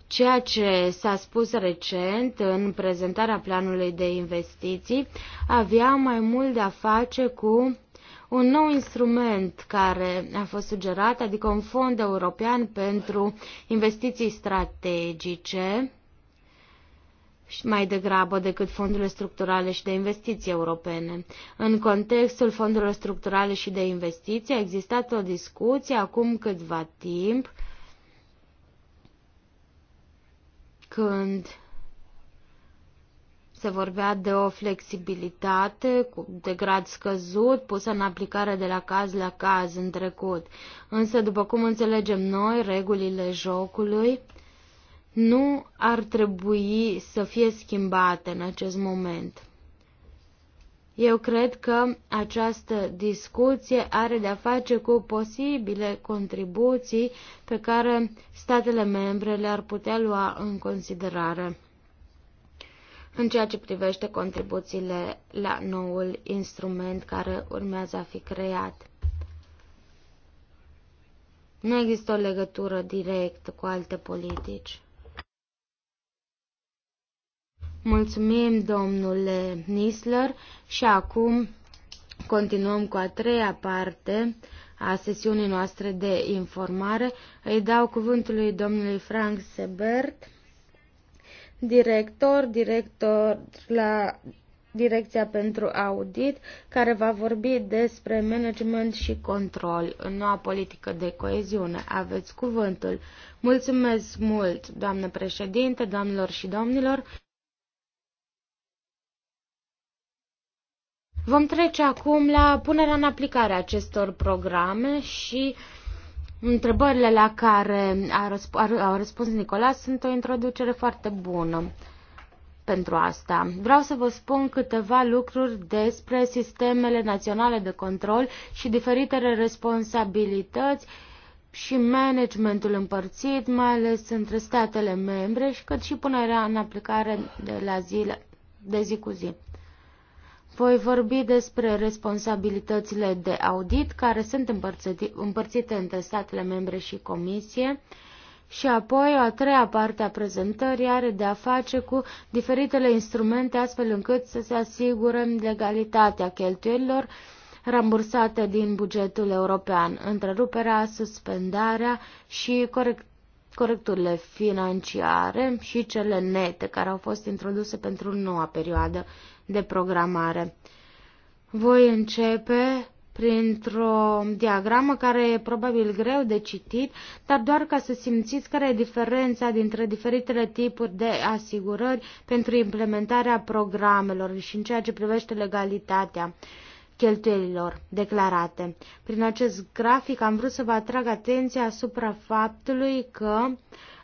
ceea ce s-a spus recent în prezentarea planului de investiții avea mai mult de a face cu un nou instrument care a fost sugerat, adică un fond european pentru investiții strategice, și mai degrabă decât fondurile structurale și de investiții europene. În contextul fondurilor structurale și de investiții a existat o discuție acum câtva timp când se vorbea de o flexibilitate de grad scăzut pusă în aplicare de la caz la caz în trecut. Însă, după cum înțelegem noi, regulile jocului nu ar trebui să fie schimbate în acest moment. Eu cred că această discuție are de-a face cu posibile contribuții pe care statele membre le-ar putea lua în considerare în ceea ce privește contribuțiile la noul instrument care urmează a fi creat. Nu există o legătură directă cu alte politici. Mulțumim, domnule Nisler, și acum continuăm cu a treia parte a sesiunii noastre de informare. Îi dau cuvântul lui domnului Frank Sebert, director, director la Direcția pentru Audit, care va vorbi despre management și control în noua politică de coeziune. Aveți cuvântul. Mulțumesc mult, doamnă președinte, doamnelor și domnilor. Vom trece acum la punerea în aplicare a acestor programe și întrebările la care a, răsp- a, a răspuns Nicolae sunt o introducere foarte bună pentru asta. Vreau să vă spun câteva lucruri despre sistemele naționale de control și diferitele responsabilități și managementul împărțit, mai ales între statele membre, și cât și punerea în aplicare de la zile, de zi cu zi. Voi vorbi despre responsabilitățile de audit care sunt împărțite între statele membre și Comisie. Și apoi, a treia parte a prezentării are de a face cu diferitele instrumente astfel încât să se asigure legalitatea cheltuielilor rambursate din bugetul european, întreruperea, suspendarea și corect corecturile financiare și cele nete care au fost introduse pentru noua perioadă de programare. Voi începe printr-o diagramă care e probabil greu de citit, dar doar ca să simțiți care e diferența dintre diferitele tipuri de asigurări pentru implementarea programelor și în ceea ce privește legalitatea cheltuielilor declarate. Prin acest grafic am vrut să vă atrag atenția asupra faptului că uh,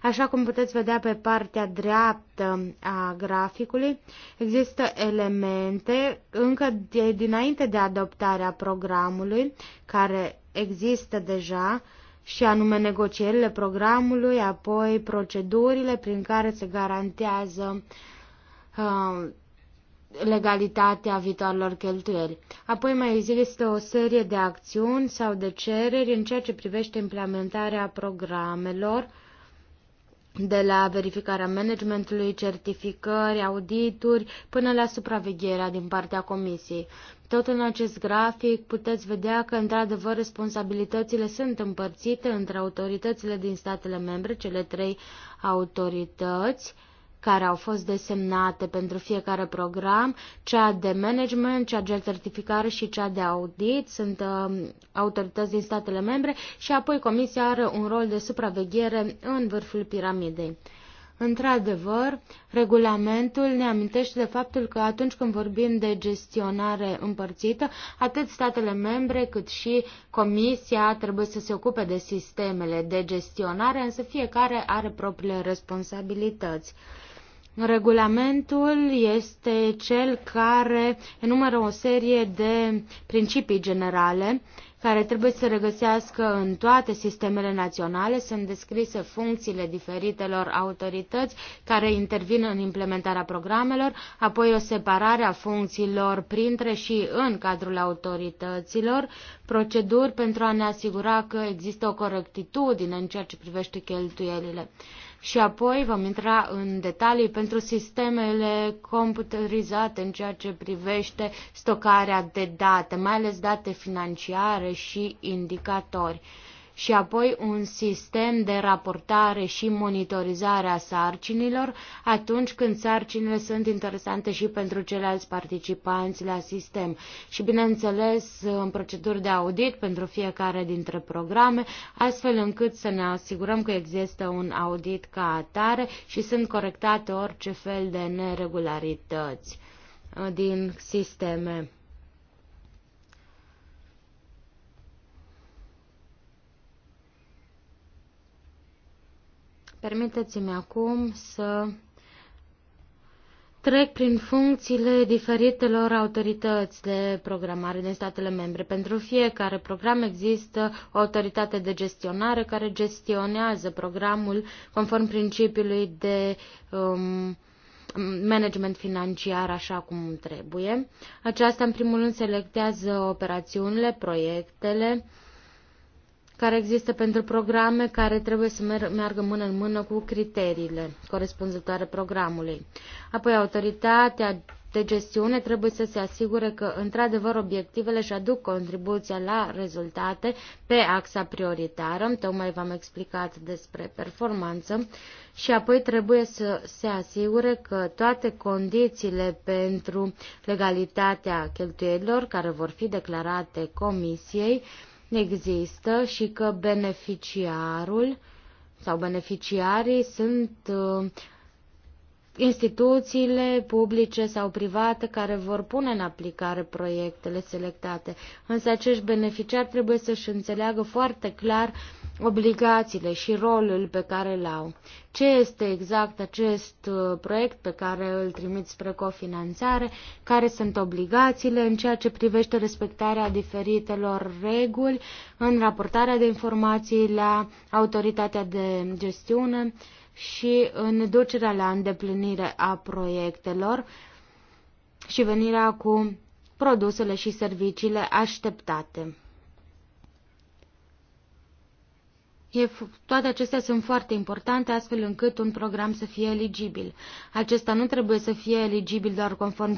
Așa cum puteți vedea pe partea dreaptă a graficului, există elemente încă de, dinainte de adoptarea programului, care există deja, și anume negocierile programului, apoi procedurile prin care se garantează uh, legalitatea viitoarelor cheltuieli. Apoi mai există o serie de acțiuni sau de cereri în ceea ce privește implementarea programelor de la verificarea managementului, certificări, audituri, până la supravegherea din partea comisiei. Tot în acest grafic puteți vedea că, într-adevăr, responsabilitățile sunt împărțite între autoritățile din statele membre, cele trei autorități, care au fost desemnate pentru fiecare program, cea de management, cea de certificare și cea de audit, sunt uh, autorități din statele membre și apoi Comisia are un rol de supraveghere în vârful piramidei. Într-adevăr, regulamentul ne amintește de faptul că atunci când vorbim de gestionare împărțită, atât statele membre cât și Comisia trebuie să se ocupe de sistemele de gestionare, însă fiecare are propriile responsabilități. Regulamentul este cel care enumără o serie de principii generale care trebuie să regăsească în toate sistemele naționale. Sunt descrise funcțiile diferitelor autorități care intervin în implementarea programelor, apoi o separare a funcțiilor printre și în cadrul autorităților, proceduri pentru a ne asigura că există o corectitudine în ceea ce privește cheltuielile și apoi vom intra în detalii pentru sistemele computerizate în ceea ce privește stocarea de date, mai ales date financiare și indicatori și apoi un sistem de raportare și monitorizare a sarcinilor atunci când sarcinile sunt interesante și pentru ceilalți participanți la sistem. Și bineînțeles în proceduri de audit pentru fiecare dintre programe, astfel încât să ne asigurăm că există un audit ca atare și sunt corectate orice fel de neregularități uh, din sisteme. Permiteți-mi acum să trec prin funcțiile diferitelor autorități de programare din statele membre. Pentru fiecare program există o autoritate de gestionare care gestionează programul conform principiului de um, management financiar așa cum trebuie. Aceasta, în primul rând, selectează operațiunile, proiectele, care există pentru programe care trebuie să meargă mână în mână cu criteriile corespunzătoare programului. Apoi autoritatea de gestiune trebuie să se asigure că într-adevăr obiectivele își aduc contribuția la rezultate pe axa prioritară, tocmai v-am explicat despre performanță, și apoi trebuie să se asigure că toate condițiile pentru legalitatea cheltuielilor care vor fi declarate comisiei există și că beneficiarul sau beneficiarii sunt uh, instituțiile publice sau private care vor pune în aplicare proiectele selectate. Însă acești beneficiari trebuie să-și înțeleagă foarte clar obligațiile și rolul pe care îl au. Ce este exact acest uh, proiect pe care îl trimit spre cofinanțare, care sunt obligațiile în ceea ce privește respectarea diferitelor reguli în raportarea de informații la autoritatea de gestiune, și în ducerea la îndeplinire a proiectelor și venirea cu produsele și serviciile așteptate. E, toate acestea sunt foarte importante, astfel încât un program să fie eligibil. Acesta nu trebuie să fie eligibil doar conform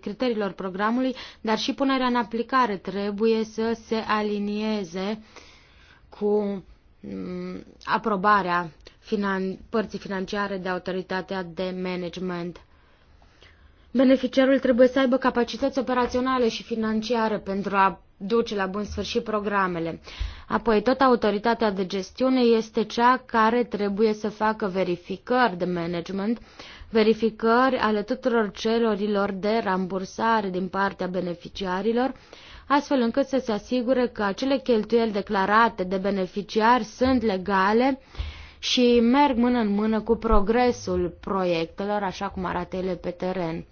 criteriilor programului, dar și punerea în aplicare trebuie să se alinieze cu mm, aprobarea finan- părții financiare de autoritatea de management. Beneficiarul trebuie să aibă capacități operaționale și financiare pentru a duce la bun sfârșit programele. Apoi, tot autoritatea de gestiune este cea care trebuie să facă verificări de management, verificări ale tuturor celorilor de rambursare din partea beneficiarilor, astfel încât să se asigure că acele cheltuieli declarate de beneficiari sunt legale, și merg mână în mână cu progresul proiectelor, așa cum arată ele pe teren.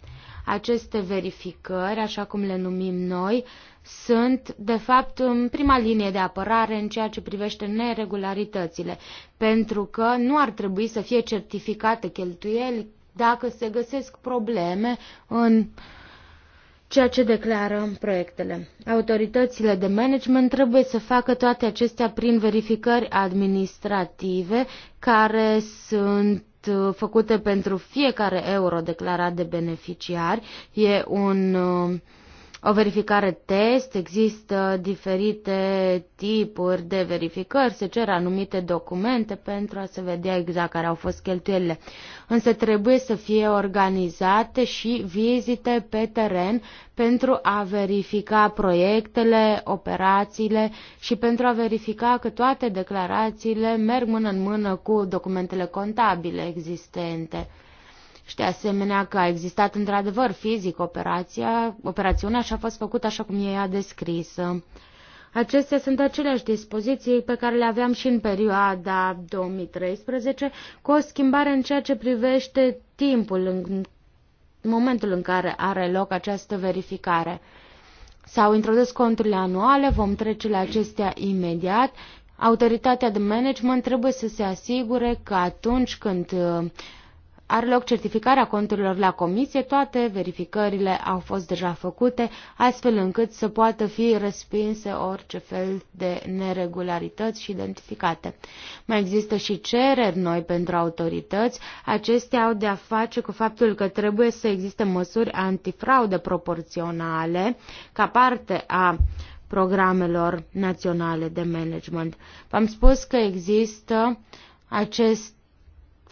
Aceste verificări, așa cum le numim noi, sunt, de fapt, în prima linie de apărare în ceea ce privește neregularitățile, pentru că nu ar trebui să fie certificate cheltuieli dacă se găsesc probleme în uh, ceea ce declară proiectele. Autoritățile de management trebuie să facă toate acestea prin verificări administrative care sunt uh, făcute pentru fiecare euro declarat de beneficiari. E un uh, o verificare test, există diferite tipuri de verificări, se cer anumite documente pentru a se vedea exact care au fost cheltuielile. Însă trebuie să fie organizate și vizite pe teren pentru a verifica proiectele, operațiile și pentru a verifica că toate declarațiile merg mână în mână cu documentele contabile existente și de asemenea că a existat într-adevăr fizic operația, operațiunea și a fost făcută așa cum ea a descris. Acestea sunt aceleași dispoziții pe care le aveam și în perioada 2013, cu o schimbare în ceea ce privește timpul, în momentul în care are loc această verificare. S-au introdus conturile anuale, vom trece la acestea imediat. Autoritatea de management trebuie să se asigure că atunci când uh, are loc certificarea conturilor la comisie, toate verificările au fost deja făcute, astfel încât să poată fi respinse orice fel de neregularități și identificate. Mai există și cereri noi pentru autorități, acestea au de-a face cu faptul că trebuie să existe măsuri antifraude proporționale ca parte a programelor naționale de management. V-am spus că există acest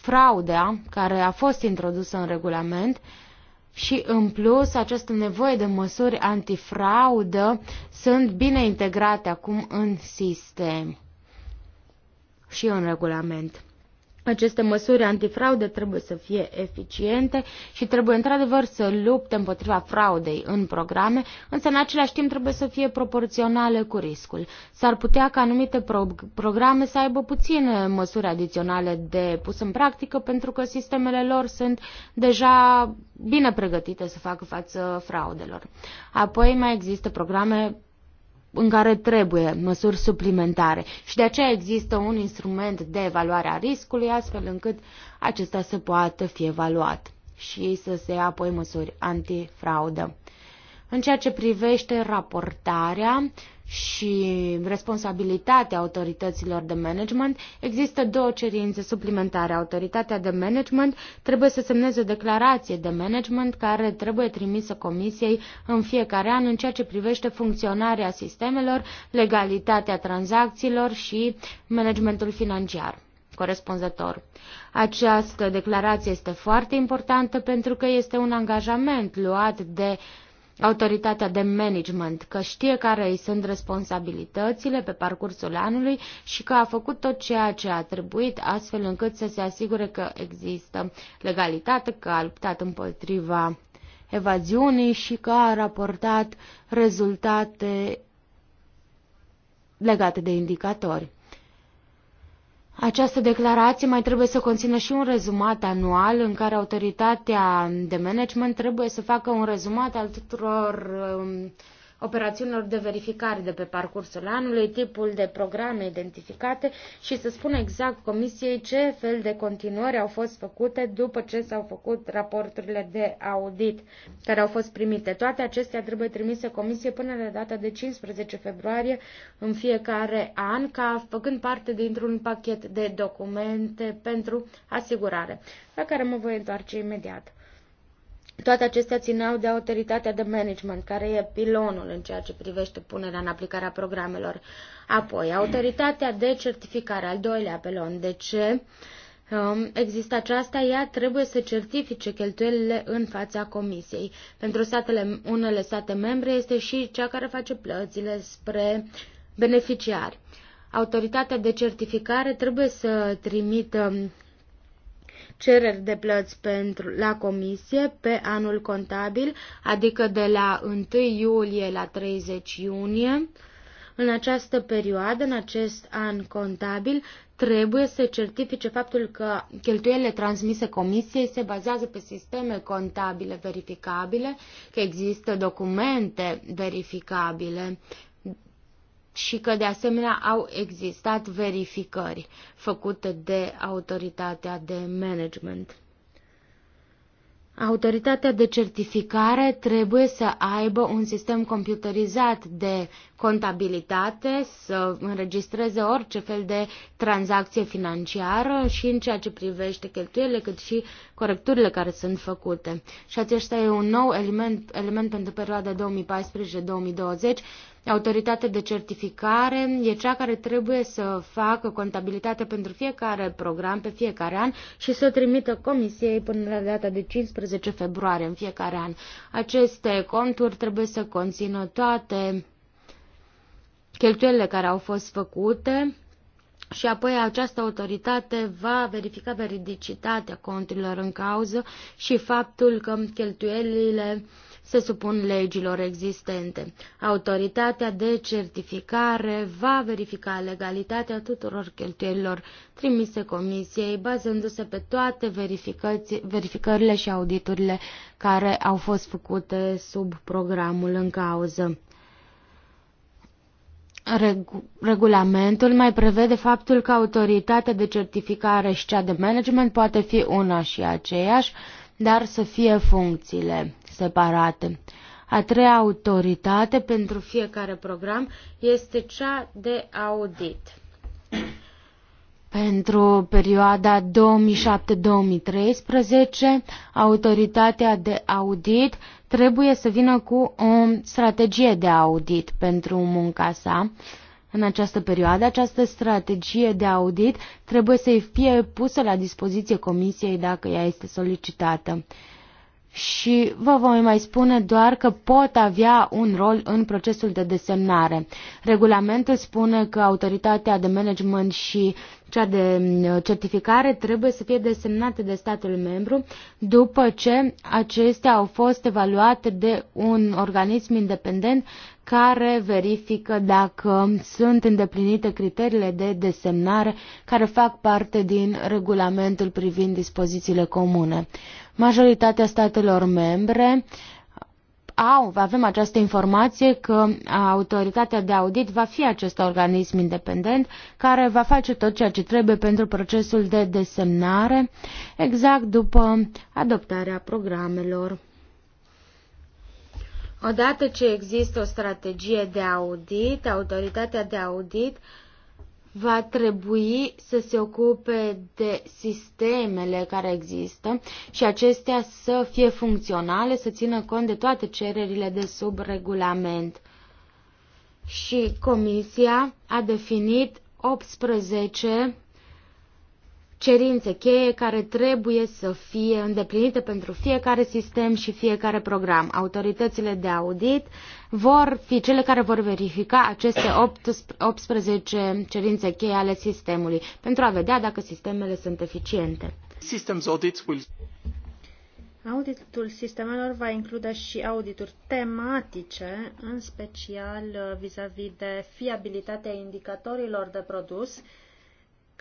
fraudea care a fost introdusă în regulament și, în plus, această nevoie de măsuri antifraudă sunt bine integrate acum în sistem și în regulament. Aceste măsuri antifraude trebuie să fie eficiente și trebuie într-adevăr să lupte împotriva fraudei în programe, însă în același timp trebuie să fie proporționale cu riscul. S-ar putea ca anumite pro- programe să aibă puține măsuri adiționale de pus în practică pentru că sistemele lor sunt deja bine pregătite să facă față fraudelor. Apoi mai există programe în care trebuie măsuri suplimentare și de aceea există un instrument de evaluare a riscului astfel încât acesta să poată fi evaluat și să se ia apoi măsuri antifraudă. În ceea ce privește raportarea, și responsabilitatea autorităților de management, există două cerințe suplimentare. Autoritatea de management trebuie să semneze o declarație de management care trebuie trimisă comisiei în fiecare an în ceea ce privește funcționarea sistemelor, legalitatea tranzacțiilor și managementul financiar corespunzător. Această declarație este foarte importantă pentru că este un angajament luat de uh, autoritatea de management, că știe care îi sunt responsabilitățile pe parcursul anului și că a făcut tot ceea ce a trebuit astfel încât să se asigure că există legalitate, că a luptat împotriva evaziunii și că a raportat rezultate legate de indicatori. Această declarație mai trebuie să conțină și un rezumat anual în care autoritatea de management trebuie să facă un rezumat al tuturor um, operațiunilor de verificare de pe parcursul anului, tipul de programe identificate și să spună exact Comisiei ce fel de continuări au fost făcute după ce s-au făcut raporturile de audit care au fost primite. Toate acestea trebuie trimise Comisiei până la data de 15 februarie în fiecare an, ca făcând parte dintr-un pachet de documente pentru asigurare, la care mă voi întoarce imediat. Toate acestea țineau de autoritatea de management, care e pilonul în ceea ce privește punerea în aplicare a programelor. Apoi, autoritatea de certificare, al doilea pilon. De ce um, există aceasta? Ea trebuie să certifice cheltuielile în fața comisiei. Pentru statele, unele state membre este și cea care face plățile spre beneficiari. Autoritatea de certificare trebuie să trimită cereri de plăți pentru, la comisie pe anul contabil, adică de la 1 iulie la 30 iunie. În această perioadă, în acest an contabil, trebuie să certifice faptul că cheltuielile transmise comisiei se bazează pe sisteme contabile verificabile, că există documente verificabile și că de asemenea au existat verificări făcute de autoritatea de management. Autoritatea de certificare trebuie să aibă un sistem computerizat de contabilitate, să înregistreze orice fel de tranzacție financiară și în ceea ce privește cheltuielile, cât și corecturile care sunt făcute. Și acesta e un nou element, element pentru perioada 2014-2020 Autoritatea de certificare e cea care trebuie să facă contabilitate pentru fiecare program pe fiecare an și să trimită comisiei până la data de 15 februarie în fiecare an. Aceste conturi trebuie să conțină toate cheltuielile care au fost făcute și apoi această autoritate va verifica veridicitatea conturilor în cauză și faptul că cheltuielile se supun legilor existente. Autoritatea de certificare va verifica legalitatea tuturor cheltuielilor trimise comisiei, bazându-se pe toate verificările și auditurile care au fost făcute sub programul în cauză. Regulamentul mai prevede faptul că autoritatea de certificare și cea de management poate fi una și aceeași, dar să fie funcțiile separate. A treia autoritate pentru fiecare program este cea de audit. Pentru perioada 2007-2013, autoritatea de audit trebuie să vină cu o strategie de audit pentru munca sa. În această perioadă, această strategie de audit trebuie să fie pusă la dispoziție Comisiei dacă ea este solicitată și vă voi mai spune doar că pot avea un rol în procesul de desemnare. Regulamentul spune că autoritatea de management și cea de mm, certificare trebuie să fie desemnate de statul membru după ce acestea au fost evaluate de un organism independent care verifică dacă sunt îndeplinite criteriile de desemnare care fac parte din regulamentul privind dispozițiile comune. Majoritatea statelor membre au, avem această informație că autoritatea de audit va fi acest organism independent care va face tot ceea ce trebuie pentru procesul de desemnare exact după adoptarea programelor. Odată ce există o strategie de audit, autoritatea de audit va trebui să se ocupe de sistemele care există și acestea să fie funcționale, să țină cont de toate cererile de sub regulament. Și Comisia a definit 18 cerințe cheie care trebuie să fie îndeplinite pentru fiecare sistem și fiecare program. Autoritățile de audit vor fi cele care vor verifica aceste 18 cerințe cheie ale sistemului pentru a vedea dacă sistemele sunt eficiente. Systems audits will... Auditul sistemelor va include și audituri tematice, în special vis-a-vis -vis de fiabilitatea indicatorilor de produs,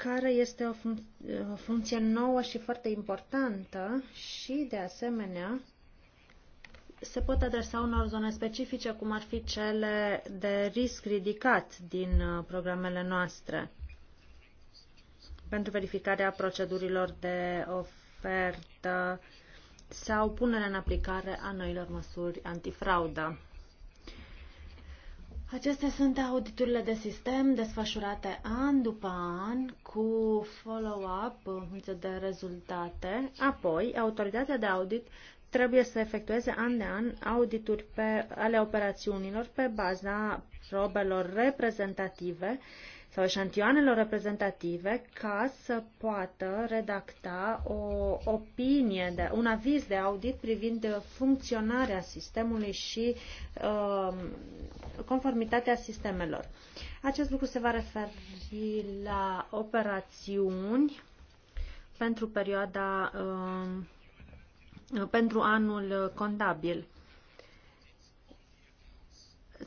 care este o, func- o funcție nouă și foarte importantă și, de asemenea, se pot adresa unor zone specifice, cum ar fi cele de risc ridicat din uh, programele noastre pentru verificarea procedurilor de ofertă sau punerea în aplicare a noilor măsuri antifraudă. Acestea sunt auditurile de sistem desfășurate an după an cu follow-up de rezultate. Apoi, autoritatea de audit trebuie să efectueze an de an audituri pe, ale operațiunilor pe baza probelor reprezentative sau eșantioanelor reprezentative ca să poată redacta o opinie, de, un aviz de audit privind funcționarea sistemului și uh, conformitatea sistemelor. Acest lucru se va referi la operațiuni pentru perioada uh, pentru anul contabil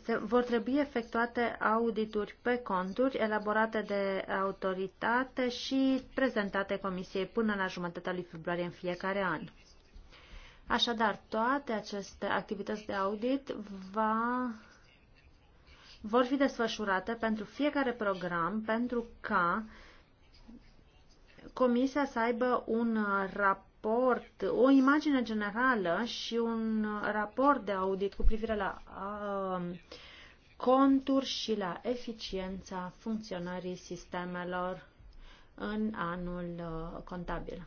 se, vor trebui efectuate audituri pe conturi elaborate de autoritate și prezentate Comisiei până la jumătatea lui februarie în fiecare an. Așadar, toate aceste activități de audit va, vor fi desfășurate pentru fiecare program pentru ca Comisia să aibă un raport raport, o imagine generală și un raport de audit cu privire la uh, conturi și la eficiența funcționării sistemelor în anul uh, contabil.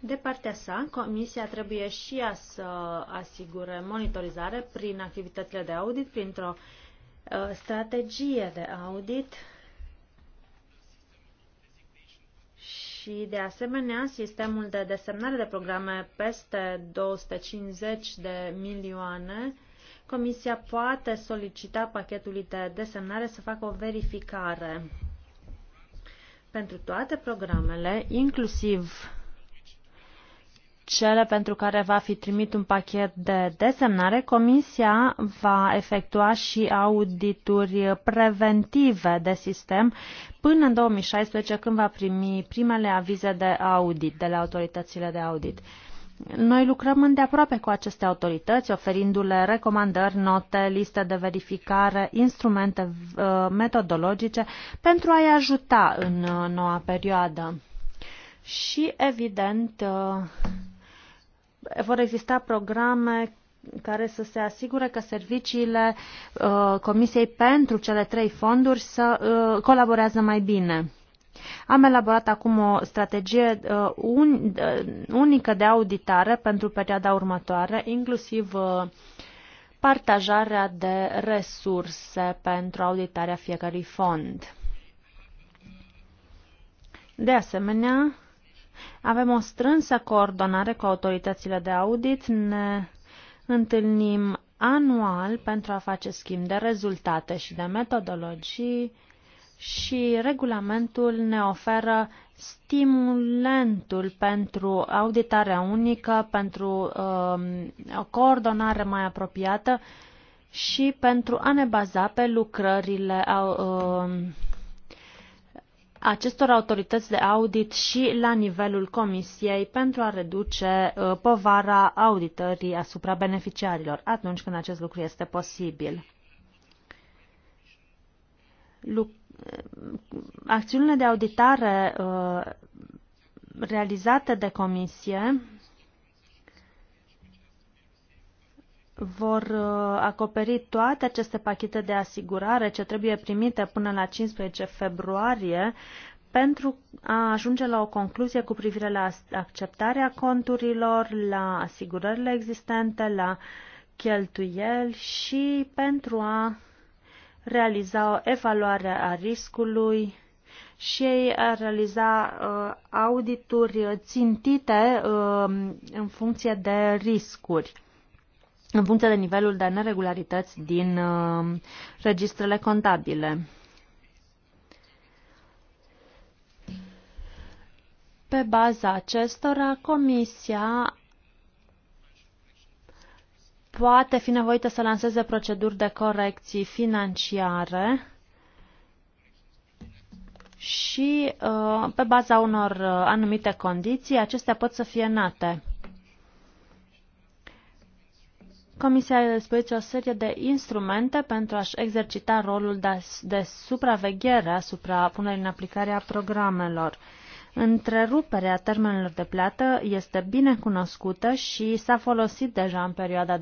De partea sa, Comisia trebuie și ea să asigure monitorizare prin activitățile de audit, printr-o uh, strategie de audit și, de asemenea, sistemul de desemnare de programe peste 250 de milioane, Comisia poate solicita pachetului de desemnare să facă o verificare pentru toate programele, inclusiv cele pentru care va fi trimit un pachet de desemnare, Comisia va efectua și audituri preventive de sistem până în 2016, când va primi primele avize de audit de la autoritățile de audit. Noi lucrăm îndeaproape cu aceste autorități, oferindu-le recomandări, note, liste de verificare, instrumente uh, metodologice pentru a-i ajuta în uh, noua perioadă. Și, evident, uh, vor exista programe care să se asigure că serviciile uh, Comisiei pentru cele trei fonduri să uh, colaborează mai bine. Am elaborat acum o strategie uh, un, uh, unică de auditare pentru perioada următoare, inclusiv uh, partajarea de resurse pentru auditarea fiecărui fond. De asemenea, avem o strânsă coordonare cu autoritățile de audit, ne întâlnim anual pentru a face schimb de rezultate și de metodologii și regulamentul ne oferă stimulentul pentru auditarea unică, pentru um, o coordonare mai apropiată și pentru a ne baza pe lucrările uh, acestor autorități de audit și la nivelul Comisiei pentru a reduce uh, povara auditării asupra beneficiarilor atunci când acest lucru este posibil. Acțiunile de auditare uh, realizate de Comisie vor uh, acoperi toate aceste pachete de asigurare ce trebuie primite până la 15 februarie pentru a ajunge la o concluzie cu privire la acceptarea conturilor, la asigurările existente, la cheltuieli și pentru a realiza o evaluare a riscului și a realiza uh, audituri țintite uh, în funcție de riscuri în funcție de nivelul de neregularități din uh, registrele contabile. Pe baza acestora, Comisia poate fi nevoită să lanseze proceduri de corecții financiare și, uh, pe baza unor uh, anumite condiții, acestea pot să fie nate. Comisia are dispoziție o serie de instrumente pentru a-și exercita rolul de, de supraveghere asupra punerii în aplicare a programelor. Întreruperea termenelor de plată este bine cunoscută și s-a folosit deja în perioada 2007-2013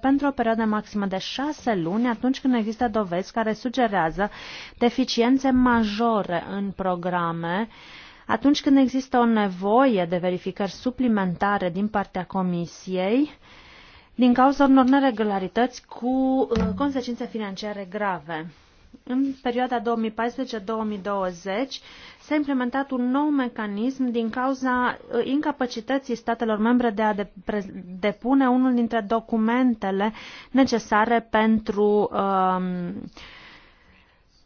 pentru o perioadă maximă de șase luni atunci când există dovezi care sugerează deficiențe majore în programe uh, atunci când există o nevoie de verificări suplimentare din partea Comisiei, din cauza unor neregularități cu uh, consecințe financiare grave. În perioada 2014-2020 s-a implementat un nou mecanism din cauza uh, incapacității statelor membre de a depune unul dintre documentele necesare pentru um,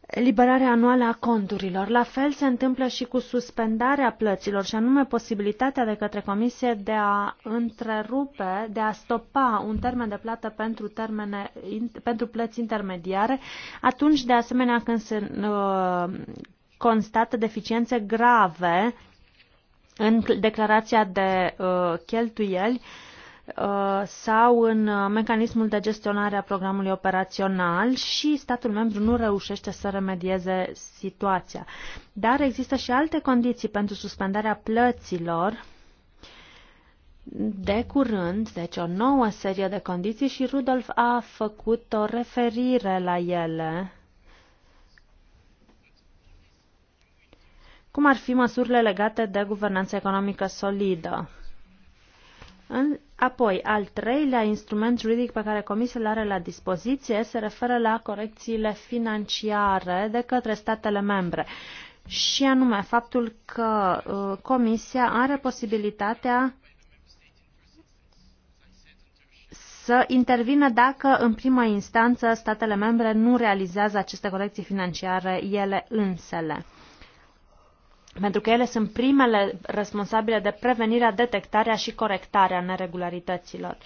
liberarea anuală a conturilor. La fel se întâmplă și cu suspendarea plăților, și anume posibilitatea de către Comisie de a întrerupe, de a stopa un termen de plată pentru, termene, pentru plăți intermediare, atunci de asemenea când se uh, constată deficiențe grave în declarația de uh, cheltuieli uh, Uh, sau în uh, mecanismul de gestionare a programului operațional și statul membru nu reușește să remedieze situația. Dar există și alte condiții pentru suspendarea plăților de curând, deci o nouă serie de condiții și Rudolf a făcut o referire la ele. Cum ar fi măsurile legate de guvernanță economică solidă? În, apoi, al treilea instrument juridic pe care Comisia îl are la dispoziție se referă la corecțiile financiare de către statele membre și anume faptul că uh, Comisia are posibilitatea să intervină dacă, în prima instanță, statele membre nu realizează aceste corecții financiare ele însele pentru că ele sunt primele responsabile de prevenirea, detectarea și corectarea neregularităților.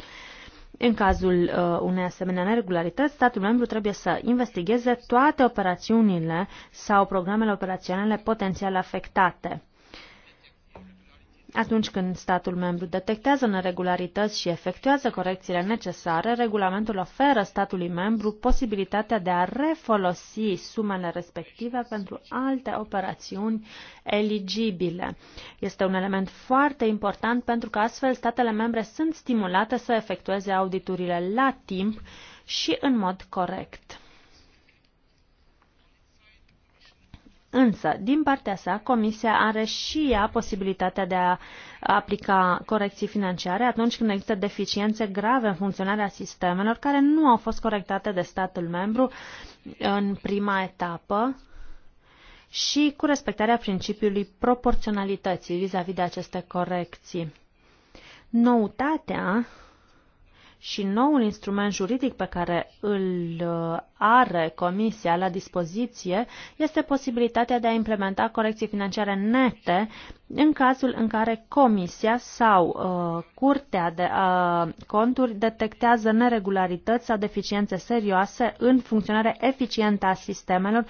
În cazul uh, unei asemenea neregularități, statul membru trebuie să investigheze toate operațiunile sau programele operaționale potențial afectate. Atunci când statul membru detectează neregularități și efectuează corecțiile necesare, regulamentul oferă statului membru posibilitatea de a refolosi sumele respective pentru alte operațiuni eligibile. Este un element foarte important pentru că astfel statele membre sunt stimulate să efectueze auditurile la timp și în mod corect. Însă, din partea sa, Comisia are și ea posibilitatea de a aplica corecții financiare atunci când există deficiențe grave în funcționarea sistemelor care nu au fost corectate de statul membru în prima etapă și cu respectarea principiului proporționalității vis-a-vis -vis de aceste corecții. Noutatea și noul instrument juridic pe care îl uh, are Comisia la dispoziție este posibilitatea de a implementa corecții financiare nete în cazul în care Comisia sau uh, Curtea de uh, Conturi detectează neregularități sau deficiențe serioase în funcționarea eficientă a sistemelor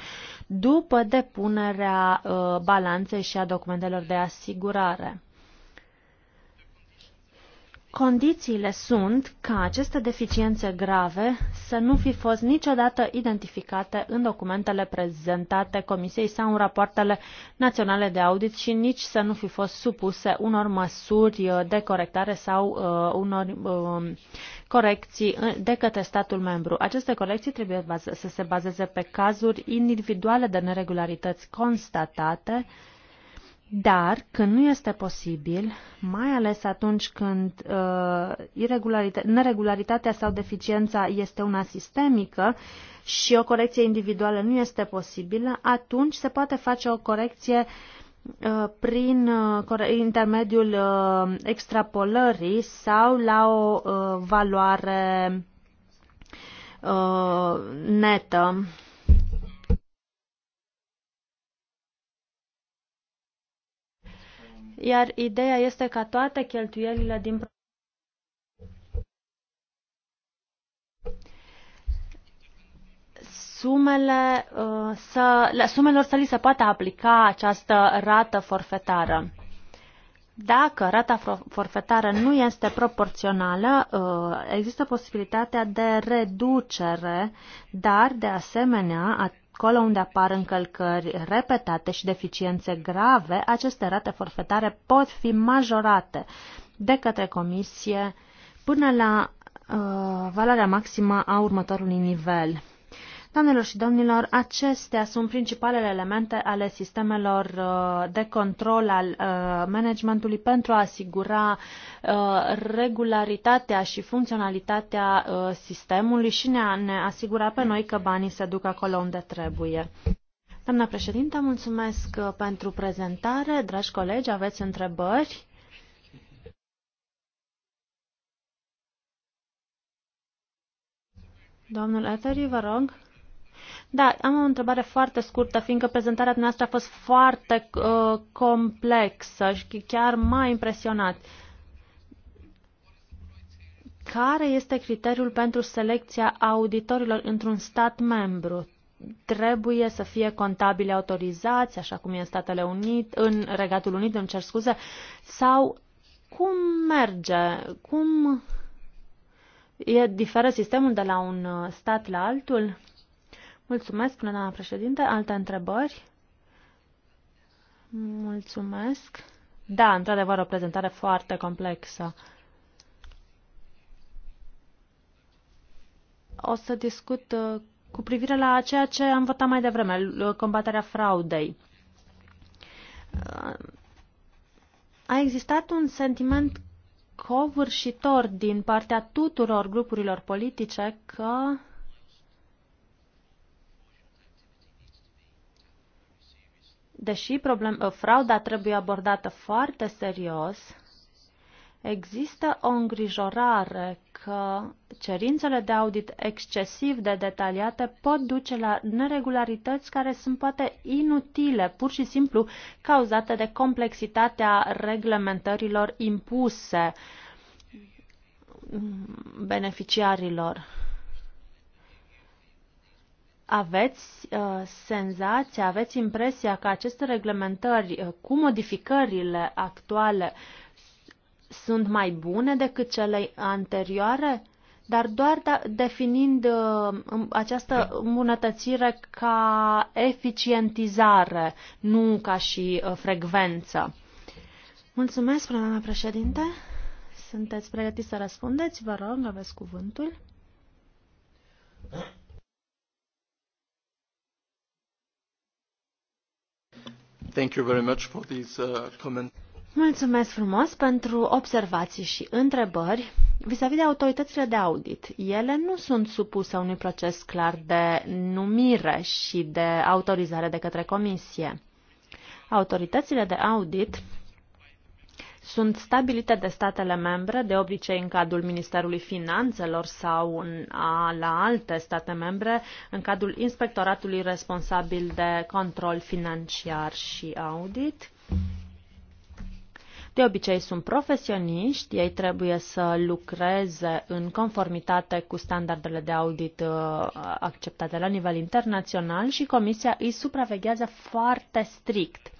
după depunerea uh, balanței și a documentelor de asigurare. Condițiile sunt ca aceste deficiențe grave să nu fi fost niciodată identificate în documentele prezentate Comisiei sau în rapoartele naționale de audit și nici să nu fi fost supuse unor măsuri uh, de corectare sau uh, unor um, uh, corecții de către statul membru. Aceste corecții trebuie să se bazeze pe cazuri individuale de neregularități constatate dar când nu este posibil, mai ales atunci când uh, neregularitatea sau deficiența este una sistemică și o corecție individuală nu este posibilă, atunci se poate face o corecție uh, prin uh, intermediul uh, extrapolării sau la o valoare netă iar ideea este ca toate cheltuielile din sumele uh, să, la sumelor să li se poate aplica această rată forfetară. Dacă rata forfetară nu este proporțională, uh, există posibilitatea de reducere, dar, de asemenea, acolo unde apar încălcări repetate și deficiențe grave, aceste rate forfetare pot fi majorate de către comisie până la uh, valoarea maximă a următorului nivel. Doamnelor și domnilor, acestea sunt principalele elemente ale sistemelor uh, de control al uh, managementului pentru a asigura uh, regularitatea și funcționalitatea sistemului și ne, a ne asigura pe noi că banii se duc acolo unde trebuie. Doamna președintă, mulțumesc pentru prezentare. Dragi colegi, aveți întrebări? Domnul Eteri, vă rog. Da, am o întrebare foarte scurtă, fiindcă prezentarea dumneavoastră a fost foarte uh, complexă și chiar m-a impresionat. Care este criteriul pentru selecția auditorilor într-un stat membru? Trebuie să fie contabili autorizați, așa cum e în Statele Unite, în Regatul Unit, îmi cer scuze, sau cum merge? Cum e diferă sistemul de la un uh, stat la altul? Mulțumesc, spune doamna președinte. Alte întrebări? Mulțumesc. Da, într-adevăr, o prezentare foarte complexă. O să discut uh, cu privire la ceea ce am votat mai devreme, uh, combaterea fraudei. Uh, a existat un sentiment covârșitor din partea tuturor grupurilor politice că deși problem, uh, frauda trebuie abordată foarte serios, există o îngrijorare că cerințele de audit excesiv de detaliate pot duce la neregularități care sunt poate inutile, pur și simplu cauzate de complexitatea reglementărilor impuse beneficiarilor aveți uh, senzația, aveți impresia că aceste reglementări uh, cu modificările actuale sunt mai bune decât cele anterioare? Dar doar da, definind uh, această îmbunătățire ca eficientizare, nu ca și uh, frecvență. Mulțumesc, doamna președinte. Sunteți pregătiți să răspundeți? Vă rog, aveți cuvântul. Uh, Mulțumesc frumos pentru observații și întrebări vis-a-vis -vis de autoritățile de audit. Ele nu sunt supuse unui proces clar de numire și de autorizare de către comisie. Autoritățile de audit sunt stabilite de statele membre, de obicei în cadrul Ministerului Finanțelor sau în, a, la alte state membre, în cadrul inspectoratului responsabil de control financiar și audit. De obicei sunt profesioniști, ei trebuie să lucreze în conformitate cu standardele de audit uh, acceptate la nivel internațional și comisia îi supraveghează foarte strict.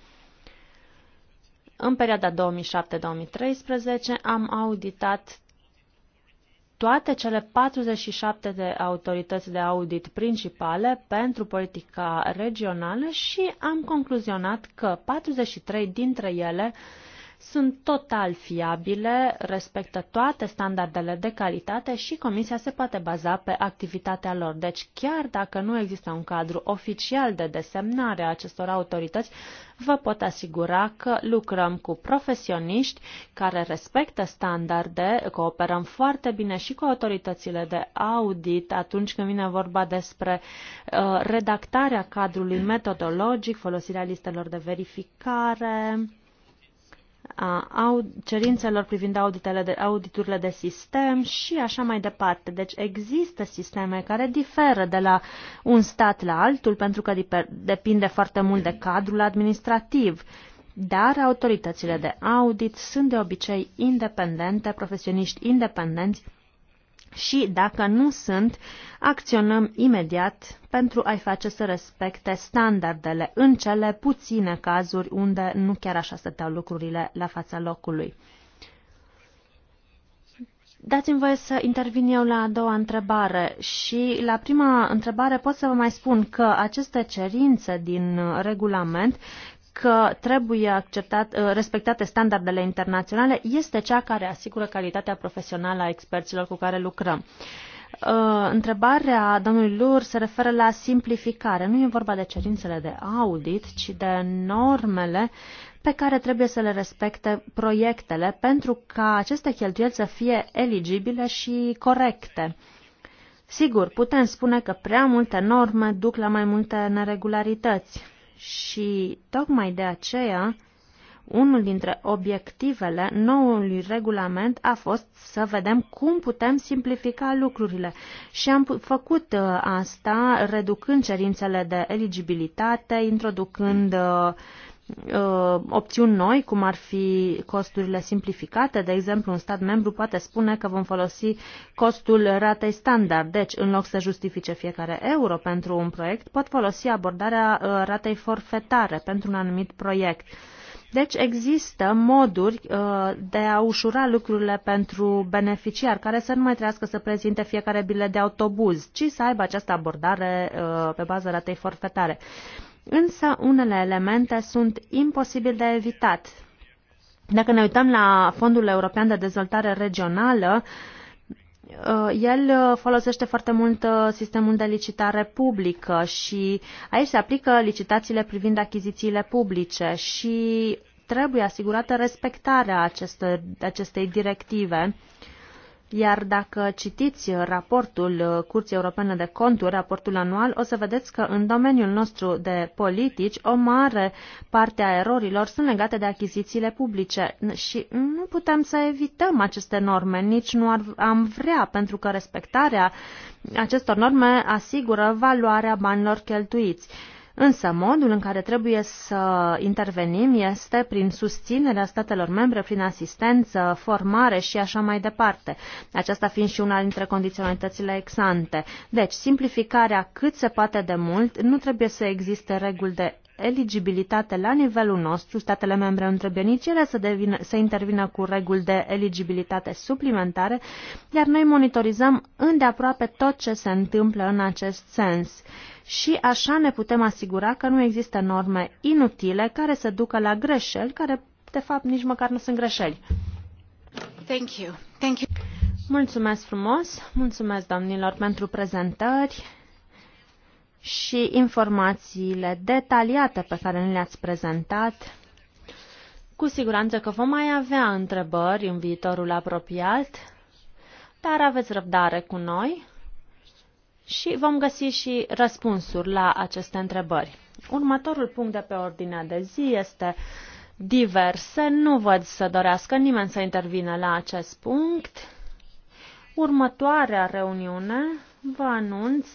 În perioada 2007-2013 am auditat toate cele 47 de autorități de audit principale pentru politica regională și am concluzionat că 43 dintre ele uh, sunt total fiabile, respectă toate standardele de calitate și Comisia se poate baza pe activitatea lor. Deci, chiar dacă nu există un cadru oficial de desemnare a acestor autorități, vă pot asigura că lucrăm cu profesioniști care respectă standarde, cooperăm foarte bine și cu autoritățile de audit atunci când vine vorba despre uh, redactarea cadrului metodologic, folosirea listelor de verificare cerințelor privind auditele de, auditurile de sistem și așa mai departe. Deci există sisteme care diferă de la un stat la altul pentru că depinde foarte mult de cadrul administrativ. Dar autoritățile de audit sunt de obicei independente, profesioniști independenți și, dacă nu sunt, acționăm imediat pentru a-i face să respecte standardele în cele puține cazuri unde nu chiar așa stăteau lucrurile la fața locului. Dați-mi voie să intervin eu la a doua întrebare și la prima întrebare pot să vă mai spun că aceste cerințe din regulament că trebuie acceptat, uh, respectate standardele internaționale este cea care asigură calitatea profesională a experților cu care lucrăm. Uh, întrebarea domnului Lur se referă la simplificare. Nu e vorba de cerințele de audit, ci de normele pe care trebuie să le respecte proiectele pentru ca aceste cheltuieli să fie eligibile și corecte. Sigur, putem spune că prea multe norme duc la mai multe neregularități și tocmai de aceea unul dintre obiectivele noului regulament a fost să vedem cum putem simplifica lucrurile și am făcut uh, asta reducând cerințele de eligibilitate, introducând uh, uh, opțiuni noi, cum ar fi costurile simplificate. De exemplu, un stat membru poate spune că vom folosi costul ratei standard, deci în loc să justifice fiecare euro pentru un proiect, pot folosi abordarea uh, ratei forfetare pentru un anumit proiect. Deci există moduri uh, de a ușura lucrurile pentru beneficiar, care să nu mai trească să prezinte fiecare bilet de autobuz, ci să aibă această abordare uh, pe bază ratei forfetare. Uh, Însă unele elemente sunt imposibil de evitat. Dacă ne uităm la Fondul European de Dezvoltare Regională, uh, el uh, folosește foarte mult uh, sistemul de licitare publică și aici se aplică licitațiile privind achizițiile publice și trebuie asigurată respectarea aceste, acestei directive. Uh, iar dacă citiți raportul uh, Curții Europene de Conturi, raportul anual, o să vedeți că în domeniul nostru de politici, o mare parte a erorilor sunt legate de achizițiile publice și nu putem să evităm aceste norme, nici nu ar, am vrea, pentru că respectarea acestor norme asigură valoarea banilor cheltuiți. Însă modul în care trebuie să intervenim este prin susținerea statelor membre, prin asistență, formare și așa mai departe, aceasta fiind și una dintre condiționalitățile exante. Deci, simplificarea cât se poate de mult, nu trebuie să existe reguli de eligibilitate la nivelul nostru, statele membre nu trebuie nici ele să, devină, să intervină cu reguli de eligibilitate suplimentare, iar noi monitorizăm îndeaproape tot ce se întâmplă în acest sens. Și așa ne putem asigura că nu există norme inutile care să ducă la greșeli, care de fapt nici măcar nu sunt greșeli. Thank you. Thank you. Mulțumesc frumos, mulțumesc domnilor pentru prezentări și informațiile detaliate pe care ne le-ați prezentat. Cu siguranță că vom mai avea întrebări în viitorul apropiat, dar aveți răbdare cu noi și vom găsi și răspunsuri la aceste întrebări. Următorul punct de pe ordinea de zi este diverse. Nu văd să dorească nimeni să intervină la acest punct. Următoarea reuniune vă anunț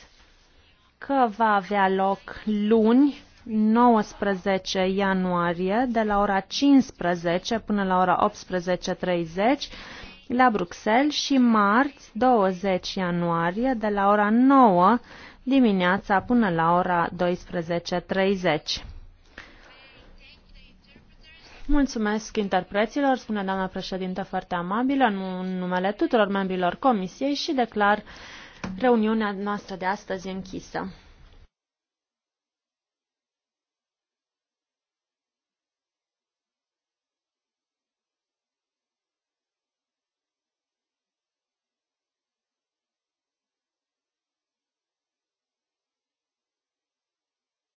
că va avea loc luni, 19 ianuarie, de la ora 15 până la ora 18.30 la Bruxelles și marți, 20 ianuarie, de la ora 9 dimineața până la ora 12.30. Mulțumesc interpreților, spune doamna președintă foarte amabilă, în numele tuturor membrilor comisiei și declar Reuniunea noastră de astăzi e închisă.